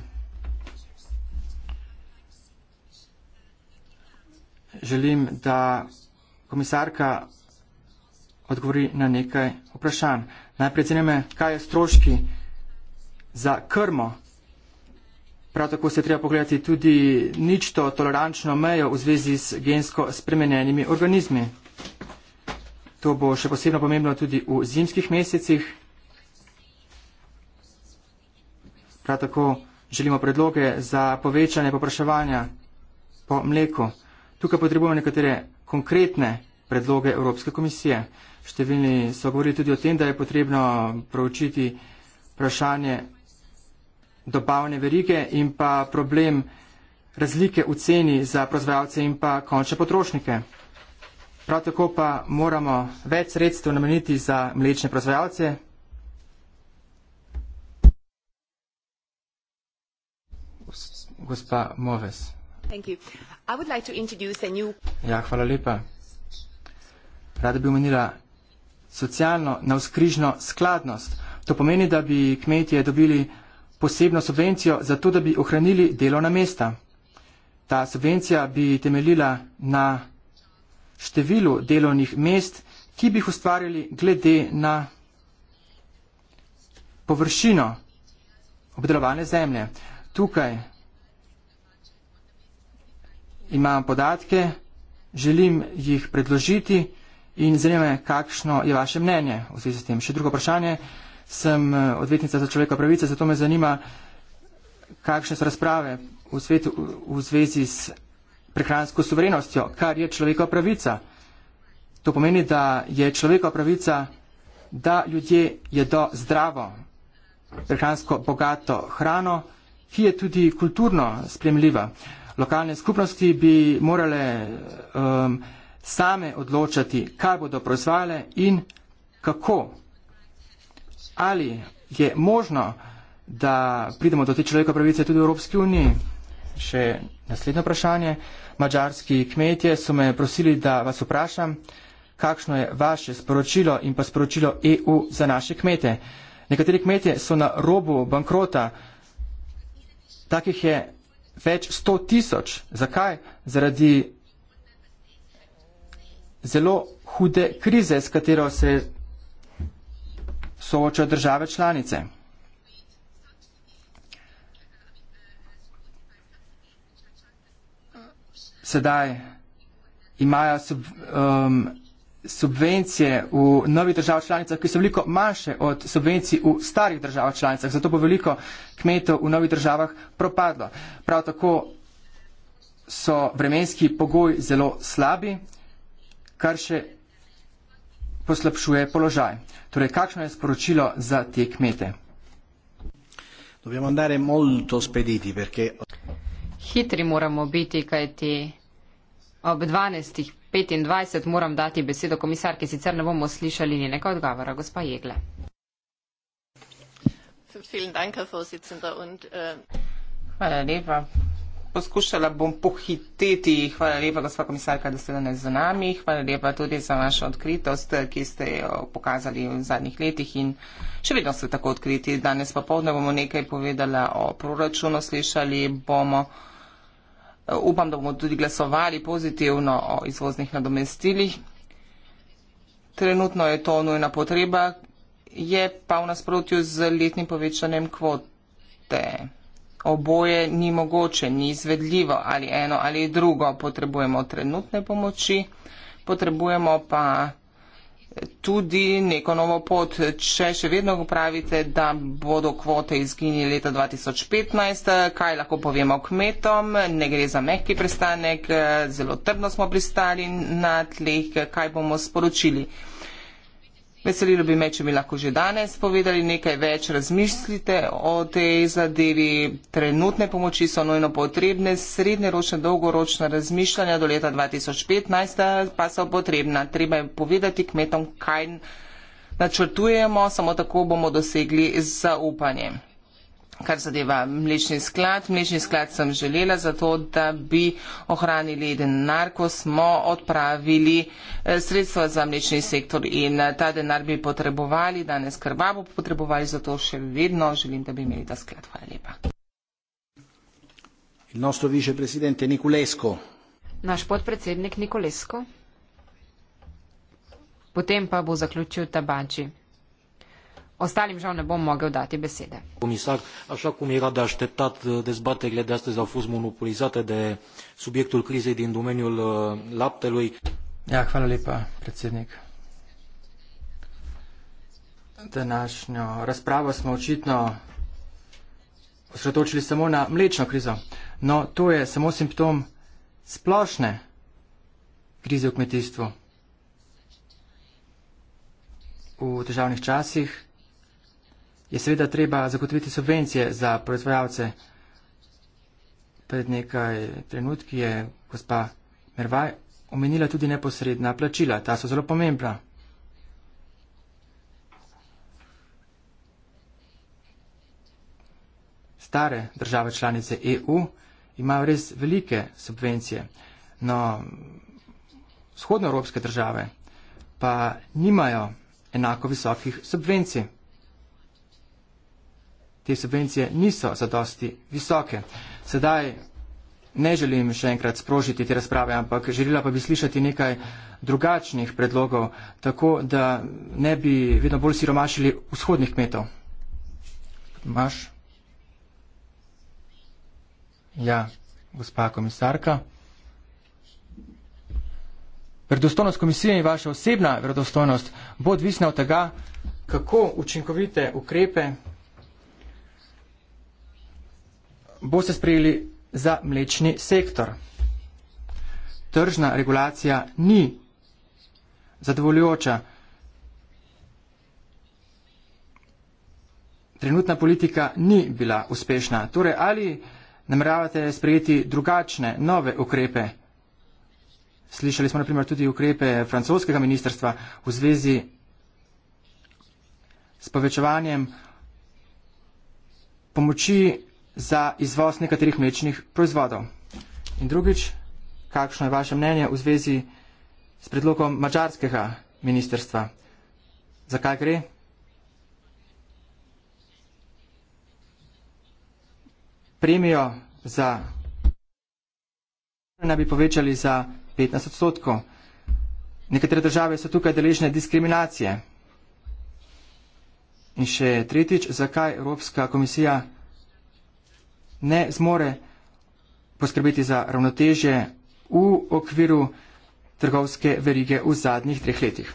Želim, da komisarka odgovori na nekaj vprašanj. Najprej cenime, kaj je stroški za krmo. Prav tako se treba pogledati tudi ničto tolerančno mejo v zvezi s gensko spremenjenimi organizmi. To bo še posebno pomembno tudi v zimskih mesecih. Prav tako želimo predloge za povečanje popraševanja po mleku. Tukaj potrebujemo nekatere konkretne predloge Evropske komisije. Številni so govorili tudi o tem, da je potrebno proučiti vprašanje dobavne verige in pa problem razlike v ceni za proizvajalce in pa končne potrošnike. Prav tako pa moramo več sredstev nameniti za mlečne proizvajalce. Gospa Moves. Thank you. I would like to introduce a new... Ja, hvala lepa rada bi omenila socialno navskrižno skladnost. To pomeni, da bi kmetije dobili posebno subvencijo za to, da bi ohranili delovna mesta. Ta subvencija bi temeljila na številu delovnih mest, ki bi jih ustvarjali glede na površino obdelovane zemlje. Tukaj imam podatke, želim jih predložiti. In zanima me, kakšno je vaše mnenje v zvezi s tem. Še drugo vprašanje. Sem eh, odvetnica za človeka pravice, zato me zanima, kakšne so razprave v, svetu, v zvezi s prehransko suverenostjo, kar je človeka pravica. To pomeni, da je človeka pravica, da ljudje jedo zdravo, prehransko bogato hrano, ki je tudi kulturno spremljiva. Lokalne skupnosti bi morale. Um, same odločati, kaj bodo proizvale in kako. Ali je možno, da pridemo do te človeka pravice tudi v Evropski uniji? Še naslednje vprašanje. Mačarski kmetje so me prosili, da vas vprašam, kakšno je vaše sporočilo in pa sporočilo EU za naše kmete. Nekateri kmetje so na robu bankrota, takih je več sto tisoč. Zakaj? Zaradi zelo hude krize, s katero se soočajo države članice. Sedaj imajo sub, um, subvencije v novih državah članicah, ki so veliko manjše od subvencij v starih državah članicah, zato bo veliko kmetov v novih državah propadlo. Prav tako so vremenski pogoji zelo slabi, kar še poslabšuje položaj. Torej, kakšno je sporočilo za te kmete? Hitri moramo biti, kajti ob 12.25 moram dati besedo komisarki, sicer ne bomo slišali njenega odgovora, gospa Jegle. Äh, Hvala lepa, poskušala bom pohititi. Hvala lepa, gospa komisarka, da ste danes z nami. Hvala lepa tudi za vašo odkritost, ki ste jo pokazali v zadnjih letih in še vedno ste tako odkriti. Danes pa povdne bomo nekaj povedala o proračunu, slišali bomo. Upam, da bomo tudi glasovali pozitivno o izvoznih nadomestilih. Trenutno je to nujna potreba, je pa v nasprotju z letnim povečanjem kvote oboje ni mogoče, ni izvedljivo ali eno ali drugo. Potrebujemo trenutne pomoči, potrebujemo pa tudi neko novo pot. Če še vedno upravite, da bodo kvote izginili leta 2015, kaj lahko povemo kmetom, ne gre za mehki pristanek, zelo trdno smo pristali na tleh, kaj bomo sporočili. Veselilo bi me, če bi lahko že danes povedali nekaj več, razmislite o tej zadevi. Trenutne pomoči so nujno potrebne, srednjeročne, dolgoročne razmišljanja do leta 2015 pa so potrebna. Treba je povedati kmetom, kaj načrtujemo, samo tako bomo dosegli zaupanje kar zadeva mlečni sklad. Mlečni sklad sem želela zato, da bi ohranili denar, ko smo odpravili eh, sredstva za mlečni sektor in eh, ta denar bi potrebovali, danes krvavo potrebovali, zato še vedno želim, da bi imeli ta sklad. Hvala lepa. Naš podpredsednik Nikolesko. Potem pa bo zaključil tabači. Ostalim žal ne bom mogel dati besede. Komisar, așa cum era de așteptat, dezbaterile de astăzi au fost monopolizate de subiectul crizei din domeniul uh, laptelui. Ja, hvala lepa, predsednik. Današnjo razpravo smo očitno osredotočili samo na mlečno krizo. No, to je samo simptom splošne krize v kmetijstvu. V težavnih časih je seveda treba zagotoviti subvencije za proizvajalce. Pred nekaj trenutki je gospa Mervaj omenila tudi neposredna plačila. Ta so zelo pomembna. Stare države članice EU imajo res velike subvencije, no vzhodnoevropske države pa nimajo enako visokih subvencij te subvencije niso zadosti visoke. Sedaj ne želim še enkrat sprožiti te razprave, ampak želela pa bi slišati nekaj drugačnih predlogov, tako da ne bi vedno bolj siromašili vzhodnih kmetov. Maš? Ja, gospa komisarka. Verodostojnost komisije in vaša osebna verodostojnost bo odvisna od tega, kako učinkovite ukrepe boste sprejeli za mlečni sektor. Tržna regulacija ni zadovoljujoča. Trenutna politika ni bila uspešna. Torej, ali nameravate sprejeti drugačne, nove ukrepe? Slišali smo naprimer tudi ukrepe francoskega ministrstva v zvezi s povečevanjem pomoči za izvoz nekaterih mlečnih proizvodov. In drugič, kakšno je vaše mnenje v zvezi s predlogom mačarskega ministerstva? Zakaj gre? Premijo za ne bi povečali za 15 odstotkov. Nekatere države so tukaj deležne diskriminacije. In še tretjič, zakaj Evropska komisija ne zmore poskrbeti za ravnoteže v okviru trgovske verige v zadnjih treh letih.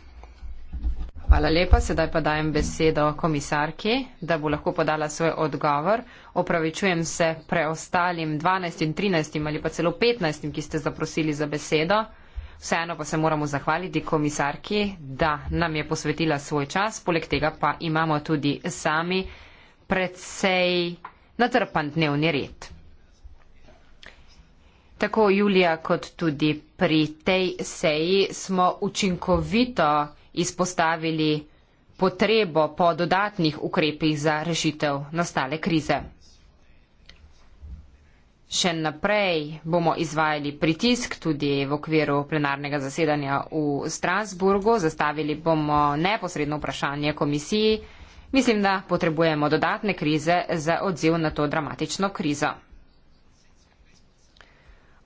Hvala lepa, sedaj pa dajem besedo komisarki, da bo lahko podala svoj odgovor. Opravičujem se preostalim 12 in 13 ali pa celo 15, ki ste zaprosili za besedo. Vseeno pa se moramo zahvaliti komisarki, da nam je posvetila svoj čas, poleg tega pa imamo tudi sami precej natrpan dnevni red. Tako Julija kot tudi pri tej seji smo učinkovito izpostavili potrebo po dodatnih ukrepih za rešitev nastale krize. Še naprej bomo izvajali pritisk tudi v okviru plenarnega zasedanja v Strasburgu. Zastavili bomo neposredno vprašanje komisiji. Mislim, da potrebujemo dodatne krize za odziv na to dramatično krizo.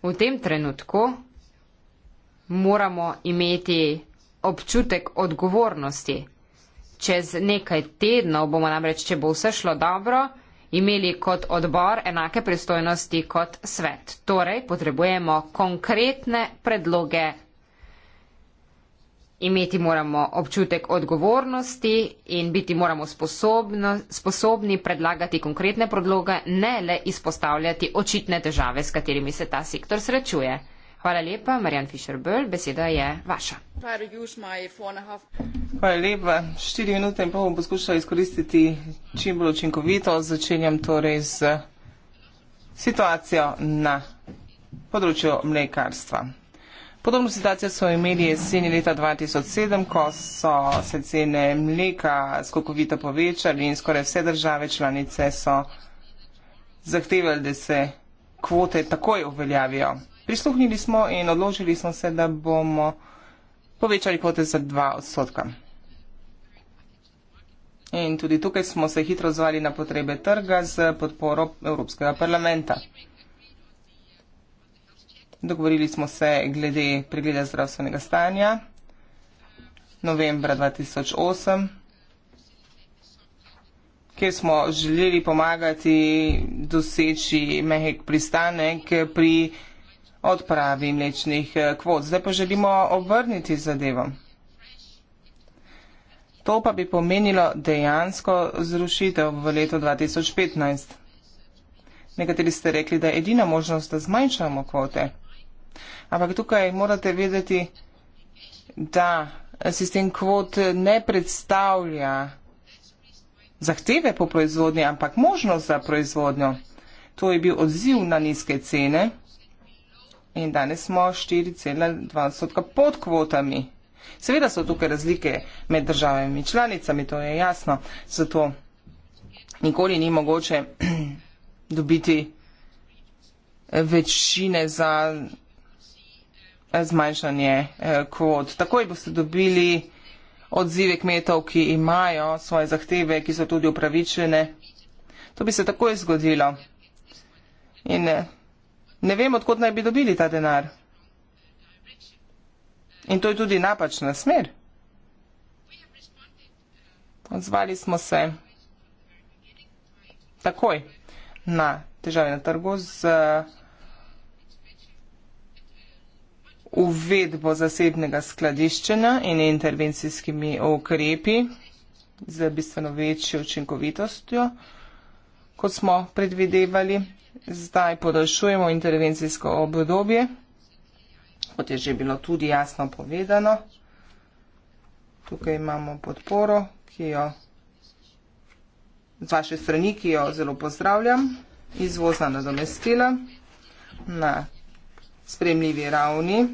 V tem trenutku moramo imeti občutek odgovornosti. Čez nekaj tednov bomo namreč, če bo vse šlo dobro, imeli kot odbor enake pristojnosti kot svet. Torej, potrebujemo konkretne predloge imeti moramo občutek odgovornosti in biti moramo sposobno, sposobni predlagati konkretne predloge, ne le izpostavljati očitne težave, s katerimi se ta sektor srečuje. Hvala lepa, Marjan Fischer-Böll, beseda je vaša. Hvala lepa, štiri minute in pol bom poskušala izkoristiti čim bolj učinkovito. Začenjam torej z situacijo na področju mlekarstva. Podobno situacijo so imeli jeseni leta 2007, ko so se cene mleka skokovito povečali in skoraj vse države članice so zahtevali, da se kvote takoj uveljavijo. Prisluhnili smo in odložili smo se, da bomo povečali kvote za 2 odstotka. In tudi tukaj smo se hitro odzvali na potrebe trga z podporo Evropskega parlamenta. Dogovorili smo se glede pregleda zdravstvenega stanja novembra 2008, kjer smo želeli pomagati doseči mehek pristanek pri odpravi mlečnih eh, kvot. Zdaj pa želimo obrniti zadevo. To pa bi pomenilo dejansko zrušitev v letu 2015. Nekateri ste rekli, da je edina možnost, da zmanjšamo kvote. Ampak tukaj morate vedeti, da sistem kvot ne predstavlja zahteve po proizvodnji, ampak možnost za proizvodnjo. To je bil odziv na nizke cene in danes smo 4,2 odstotka pod kvotami. Seveda so tukaj razlike med državami in članicami, to je jasno, zato nikoli ni mogoče dobiti večine za zmanjšanje eh, kvot. Takoj boste dobili odzive kmetov, ki imajo svoje zahteve, ki so tudi upravičene. To bi se takoj zgodilo. In eh, ne vem, odkot naj bi dobili ta denar. In to je tudi napačna smer. Odzvali smo se takoj na težave na trgu z uh, uvedbo zasebnega skladiščenja in intervencijskimi ukrepi z bistveno večjo učinkovitostjo, kot smo predvidevali. Zdaj podaljšujemo intervencijsko obdobje, kot je že bilo tudi jasno povedano. Tukaj imamo podporo, ki jo z vaše strani, ki jo zelo pozdravljam, izvozna nadomestila na spremljivi ravni.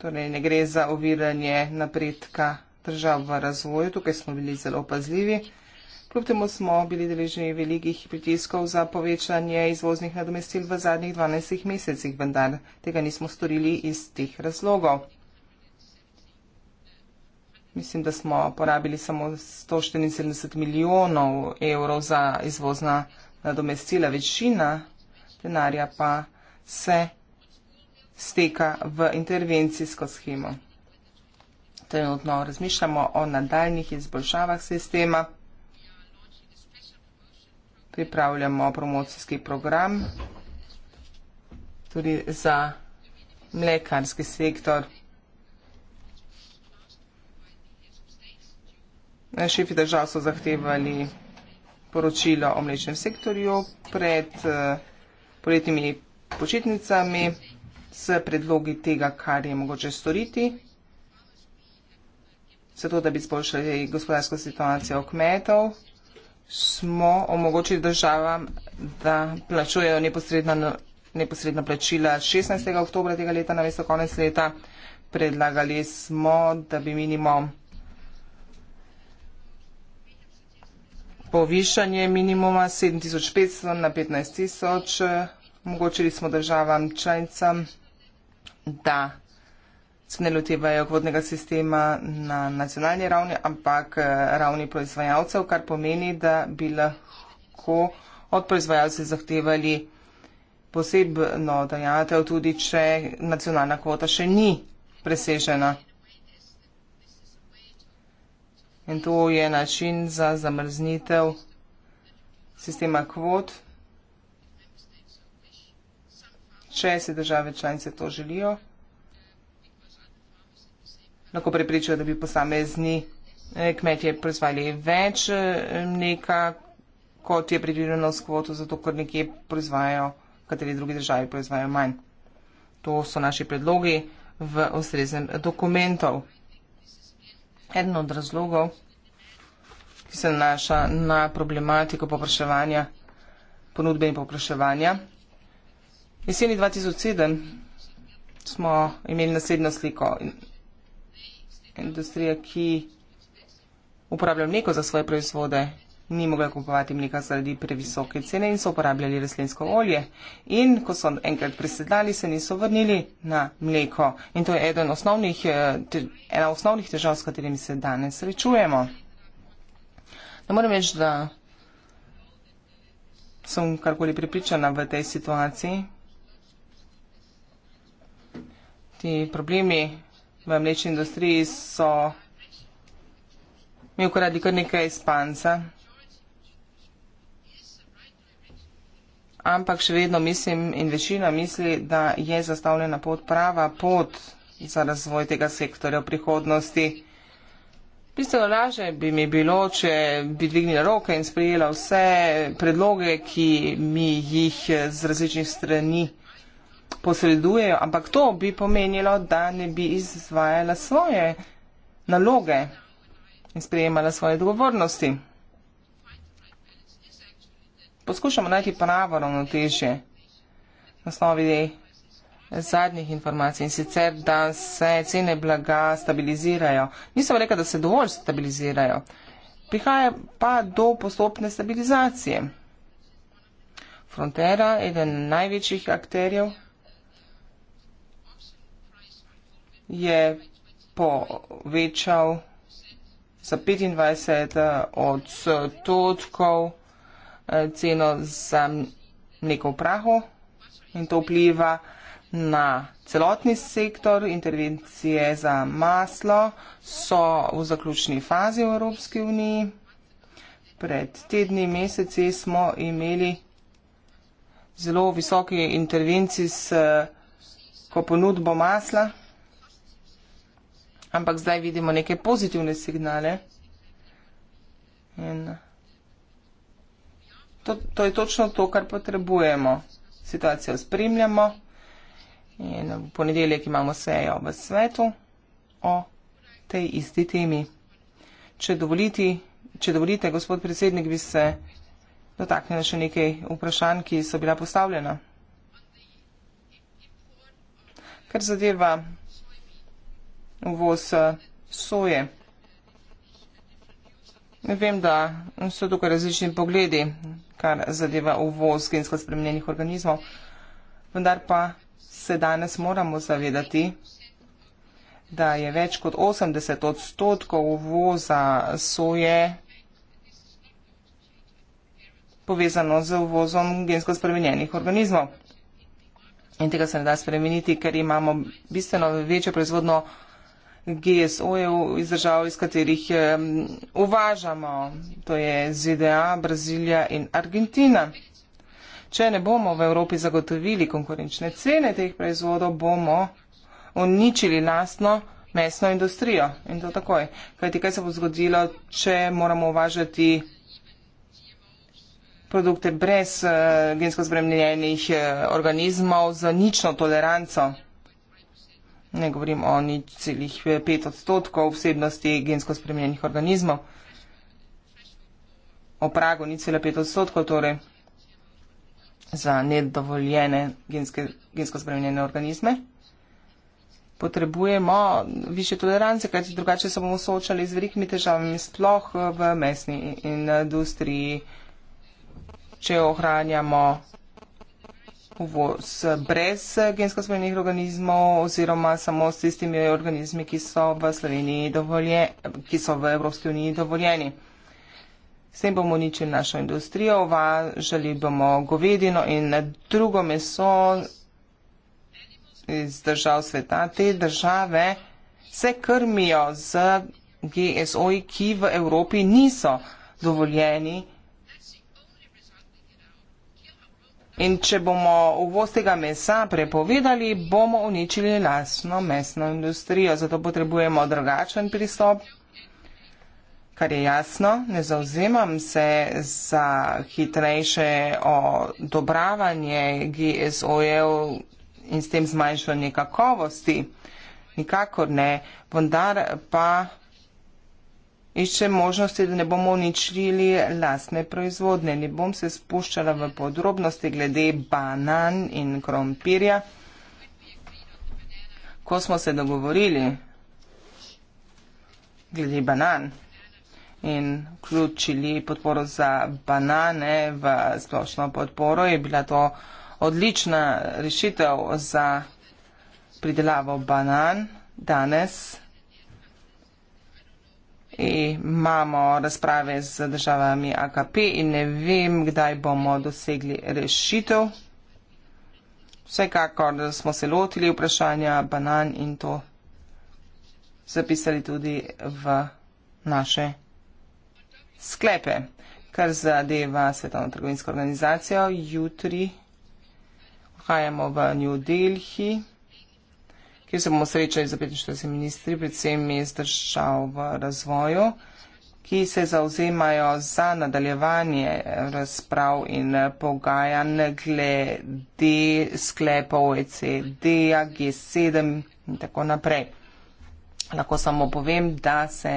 Torej, ne gre za oviranje napredka držav v razvoju, tukaj smo bili zelo pazljivi. Kljub temu smo bili deležni velikih pritiskov za povečanje izvoznih nadomestil v zadnjih 12 mesecih, vendar tega nismo storili iz teh razlogov. Mislim, da smo porabili samo 174 milijonov evrov za izvozna nadomestila, večina denarja pa se steka v intervencijsko schemo. Trenutno razmišljamo o nadaljnih izboljšavah sistema. Pripravljamo promocijski program tudi za mlekarski sektor. Šefi držav so zahtevali poročilo o mlečnem sektorju pred eh, poletnimi počitnicami s predlogi tega, kar je mogoče storiti, zato da bi spoljšali gospodarsko situacijo kmetov, smo omogočili državam, da plačujejo neposredna, neposredna plačila 16. oktober tega leta na mesto konec leta. Predlagali smo, da bi minimum povišanje minimuma 7500 na 15000, omogočili smo državam članicam da se ne lotevajo vodnega sistema na nacionalni ravni, ampak eh, ravni proizvajalcev, kar pomeni, da bi lahko od proizvajalcev zahtevali posebno dajatev, tudi če nacionalna kvota še ni presežena. In to je način za zamrznitev sistema kvot če se države članice to želijo, lahko prepričajo, da bi posamezni eh, kmetje proizvali več eh, mleka, kot je predvideno s kvoto, zato ker nekje proizvajajo, kateri drugi državi proizvajajo manj. To so naši predlogi v ustreznem dokumentov. Eden od razlogov, ki se nanaša na problematiko popraševanja, ponudbe in popraševanja, Jeseni 2007 smo imeli naslednjo sliko. Industrija, ki uporablja mleko za svoje proizvode, ni mogla kupovati mleka zaradi previsoke cene in so uporabljali rastlinsko olje. In ko so enkrat prisedali, se niso vrnili na mleko. In to je eden osnovnih, eh, ena osnovnih težav, s katerimi se danes srečujemo. Ne moram reči, da sem karkoli pripričana v tej situaciji ti problemi v mlečni industriji so imel kar radi kar nekaj spanca. Ampak še vedno mislim in večina misli, da je zastavljena pot prava pot za razvoj tega sektorja v prihodnosti. Bistveno lažje bi mi bilo, če bi dvignila roke in sprejela vse predloge, ki mi jih z različnih strani posredujejo, ampak to bi pomenilo, da ne bi izvajala svoje naloge in sprejemala svoje odgovornosti. Poskušamo najti pravo ravnotežje na osnovi zadnjih informacij in sicer, da se cene blaga stabilizirajo. Nisem rekel, da se dovolj stabilizirajo. Prihaja pa do postopne stabilizacije. Frontera, eden največjih akterjev, je povečal za 25 eh, odstotkov eh, ceno za mleko v prahu in to vpliva na celotni sektor. Intervencije za maslo so v zaključni fazi v Evropski uniji. Pred tedni meseci smo imeli zelo visoke intervencije s eh, ponudbo masla ampak zdaj vidimo neke pozitivne signale. In to, to je točno to, kar potrebujemo. Situacijo spremljamo in v ponedeljek imamo sejo v svetu o tej isti temi. Če, dovoliti, če dovolite, gospod predsednik, bi se dotaknila še nekaj vprašanj, ki so bila postavljena. Kar zadeva uvoz eh, soje. Vem, da so tukaj različni pogledi, kar zadeva uvoz gensko spremenjenih organizmov, vendar pa se danes moramo zavedati, da je več kot 80 odstotkov uvoza soje povezano z uvozom gensko spremenjenih organizmov. In tega se ne da spremeniti, ker imamo bistveno večjo proizvodno GSO-jev iz držav, iz katerih uvažamo. To je ZDA, Brazilija in Argentina. Če ne bomo v Evropi zagotovili konkurenčne cene teh proizvodov, bomo uničili lastno mesno industrijo. In to takoj. Kajti kaj se bo zgodilo, če moramo uvažati produkte brez uh, gensko spremenjenih uh, organizmov za nično toleranco? ne govorim o nič celih eh, pet odstotkov vsebnosti gensko spremenjenih organizmov. O pragu nič celih pet odstotkov, torej za nedovoljene genske, gensko spremenjene organizme. Potrebujemo više tolerance, kajti drugače se bomo soočali z velikimi težavami, sploh eh, v mesni eh, industriji, če ohranjamo uvoz brez gensko spremenjenih organizmov oziroma samo s tistimi organizmi, ki so v Sloveniji dovoljeni, ki so v Evropski uniji dovoljeni. S tem bomo uničili našo industrijo, uvažali bomo govedino in drugo meso iz držav sveta. Te države se krmijo z GSO-ji, ki v Evropi niso dovoljeni. In če bomo uvoz tega mesa prepovedali, bomo uničili lasno mesno industrijo. Zato potrebujemo drugačen pristop, kar je jasno. Ne zauzemam se za hitrejše odobravanje GSO-jev in s tem zmanjšanje kakovosti. Nikakor ne, vendar pa išče možnosti, da ne bomo uničili lastne proizvodne. Ne bom se spuščala v podrobnosti glede banan in krompirja. Ko smo se dogovorili glede banan in vključili podporo za banane v splošno podporo, je bila to odlična rešitev za pridelavo banan. Danes imamo razprave z državami AKP in ne vem, kdaj bomo dosegli rešitev. Vsekakor smo se lotili vprašanja banan in to zapisali tudi v naše sklepe, kar zadeva Svetovno trgovinsko organizacijo. Jutri odhajamo v New Delhi kjer se bomo srečali z 45 ministri, predvsem iz držav v razvoju, ki se zauzemajo za nadaljevanje razprav in pogajanj glede sklepov OECD, G7 in tako naprej. Lahko samo povem, da se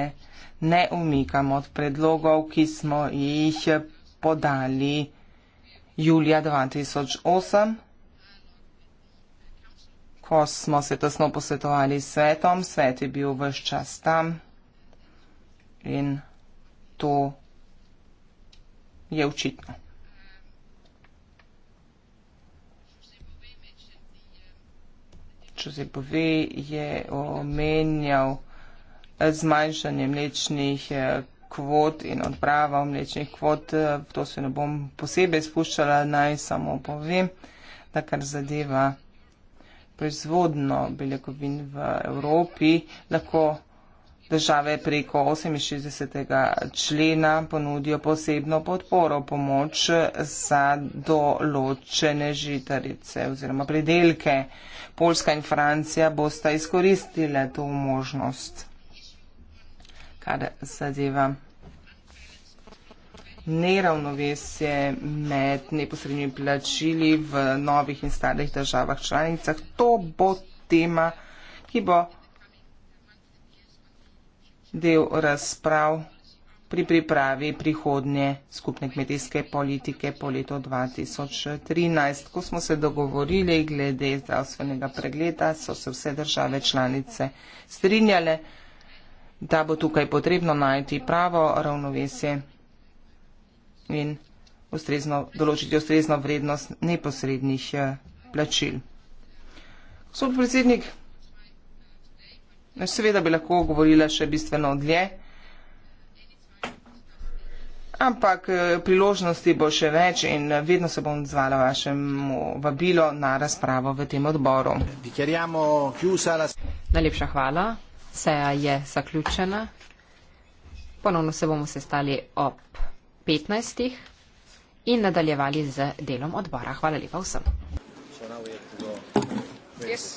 ne umikamo od predlogov, ki smo jih podali julija 2008 ko smo se tesno posvetovali s svetom, svet je bil vse čas tam in to je očitno. Če se pove, je omenjal zmanjšanje mlečnih eh, kvot in odprava mlečnih kvot. V eh, to se ne bom posebej spuščala, naj samo povem, da kar zadeva proizvodno beljakovin v Evropi, lahko države preko 68. člena ponudijo posebno podporo, pomoč za določene žitarice oziroma predelke. Poljska in Francija bosta izkoristile to možnost, kar zadeva neravnovesje med neposrednimi plačili v novih in starih državah članicah. To bo tema, ki bo del razprav pri pripravi prihodnje skupne kmetijske politike po letu 2013. Ko smo se dogovorili glede zdravstvenega pregleda, so se vse države članice strinjale, da bo tukaj potrebno najti pravo ravnovesje in ustrezno, določiti ustrezno vrednost neposrednih eh, plačil. Gospod predsednik, seveda bi lahko govorila še bistveno dlje, ampak eh, priložnosti bo še več in eh, vedno se bom odzvala vašemu vabilo na razpravo v tem odboru. Najlepša hvala. Seja je zaključena. Ponovno se bomo sestali ob. 15 in nadaljevali z delom odbora. Hvala lepa vsem. Yes.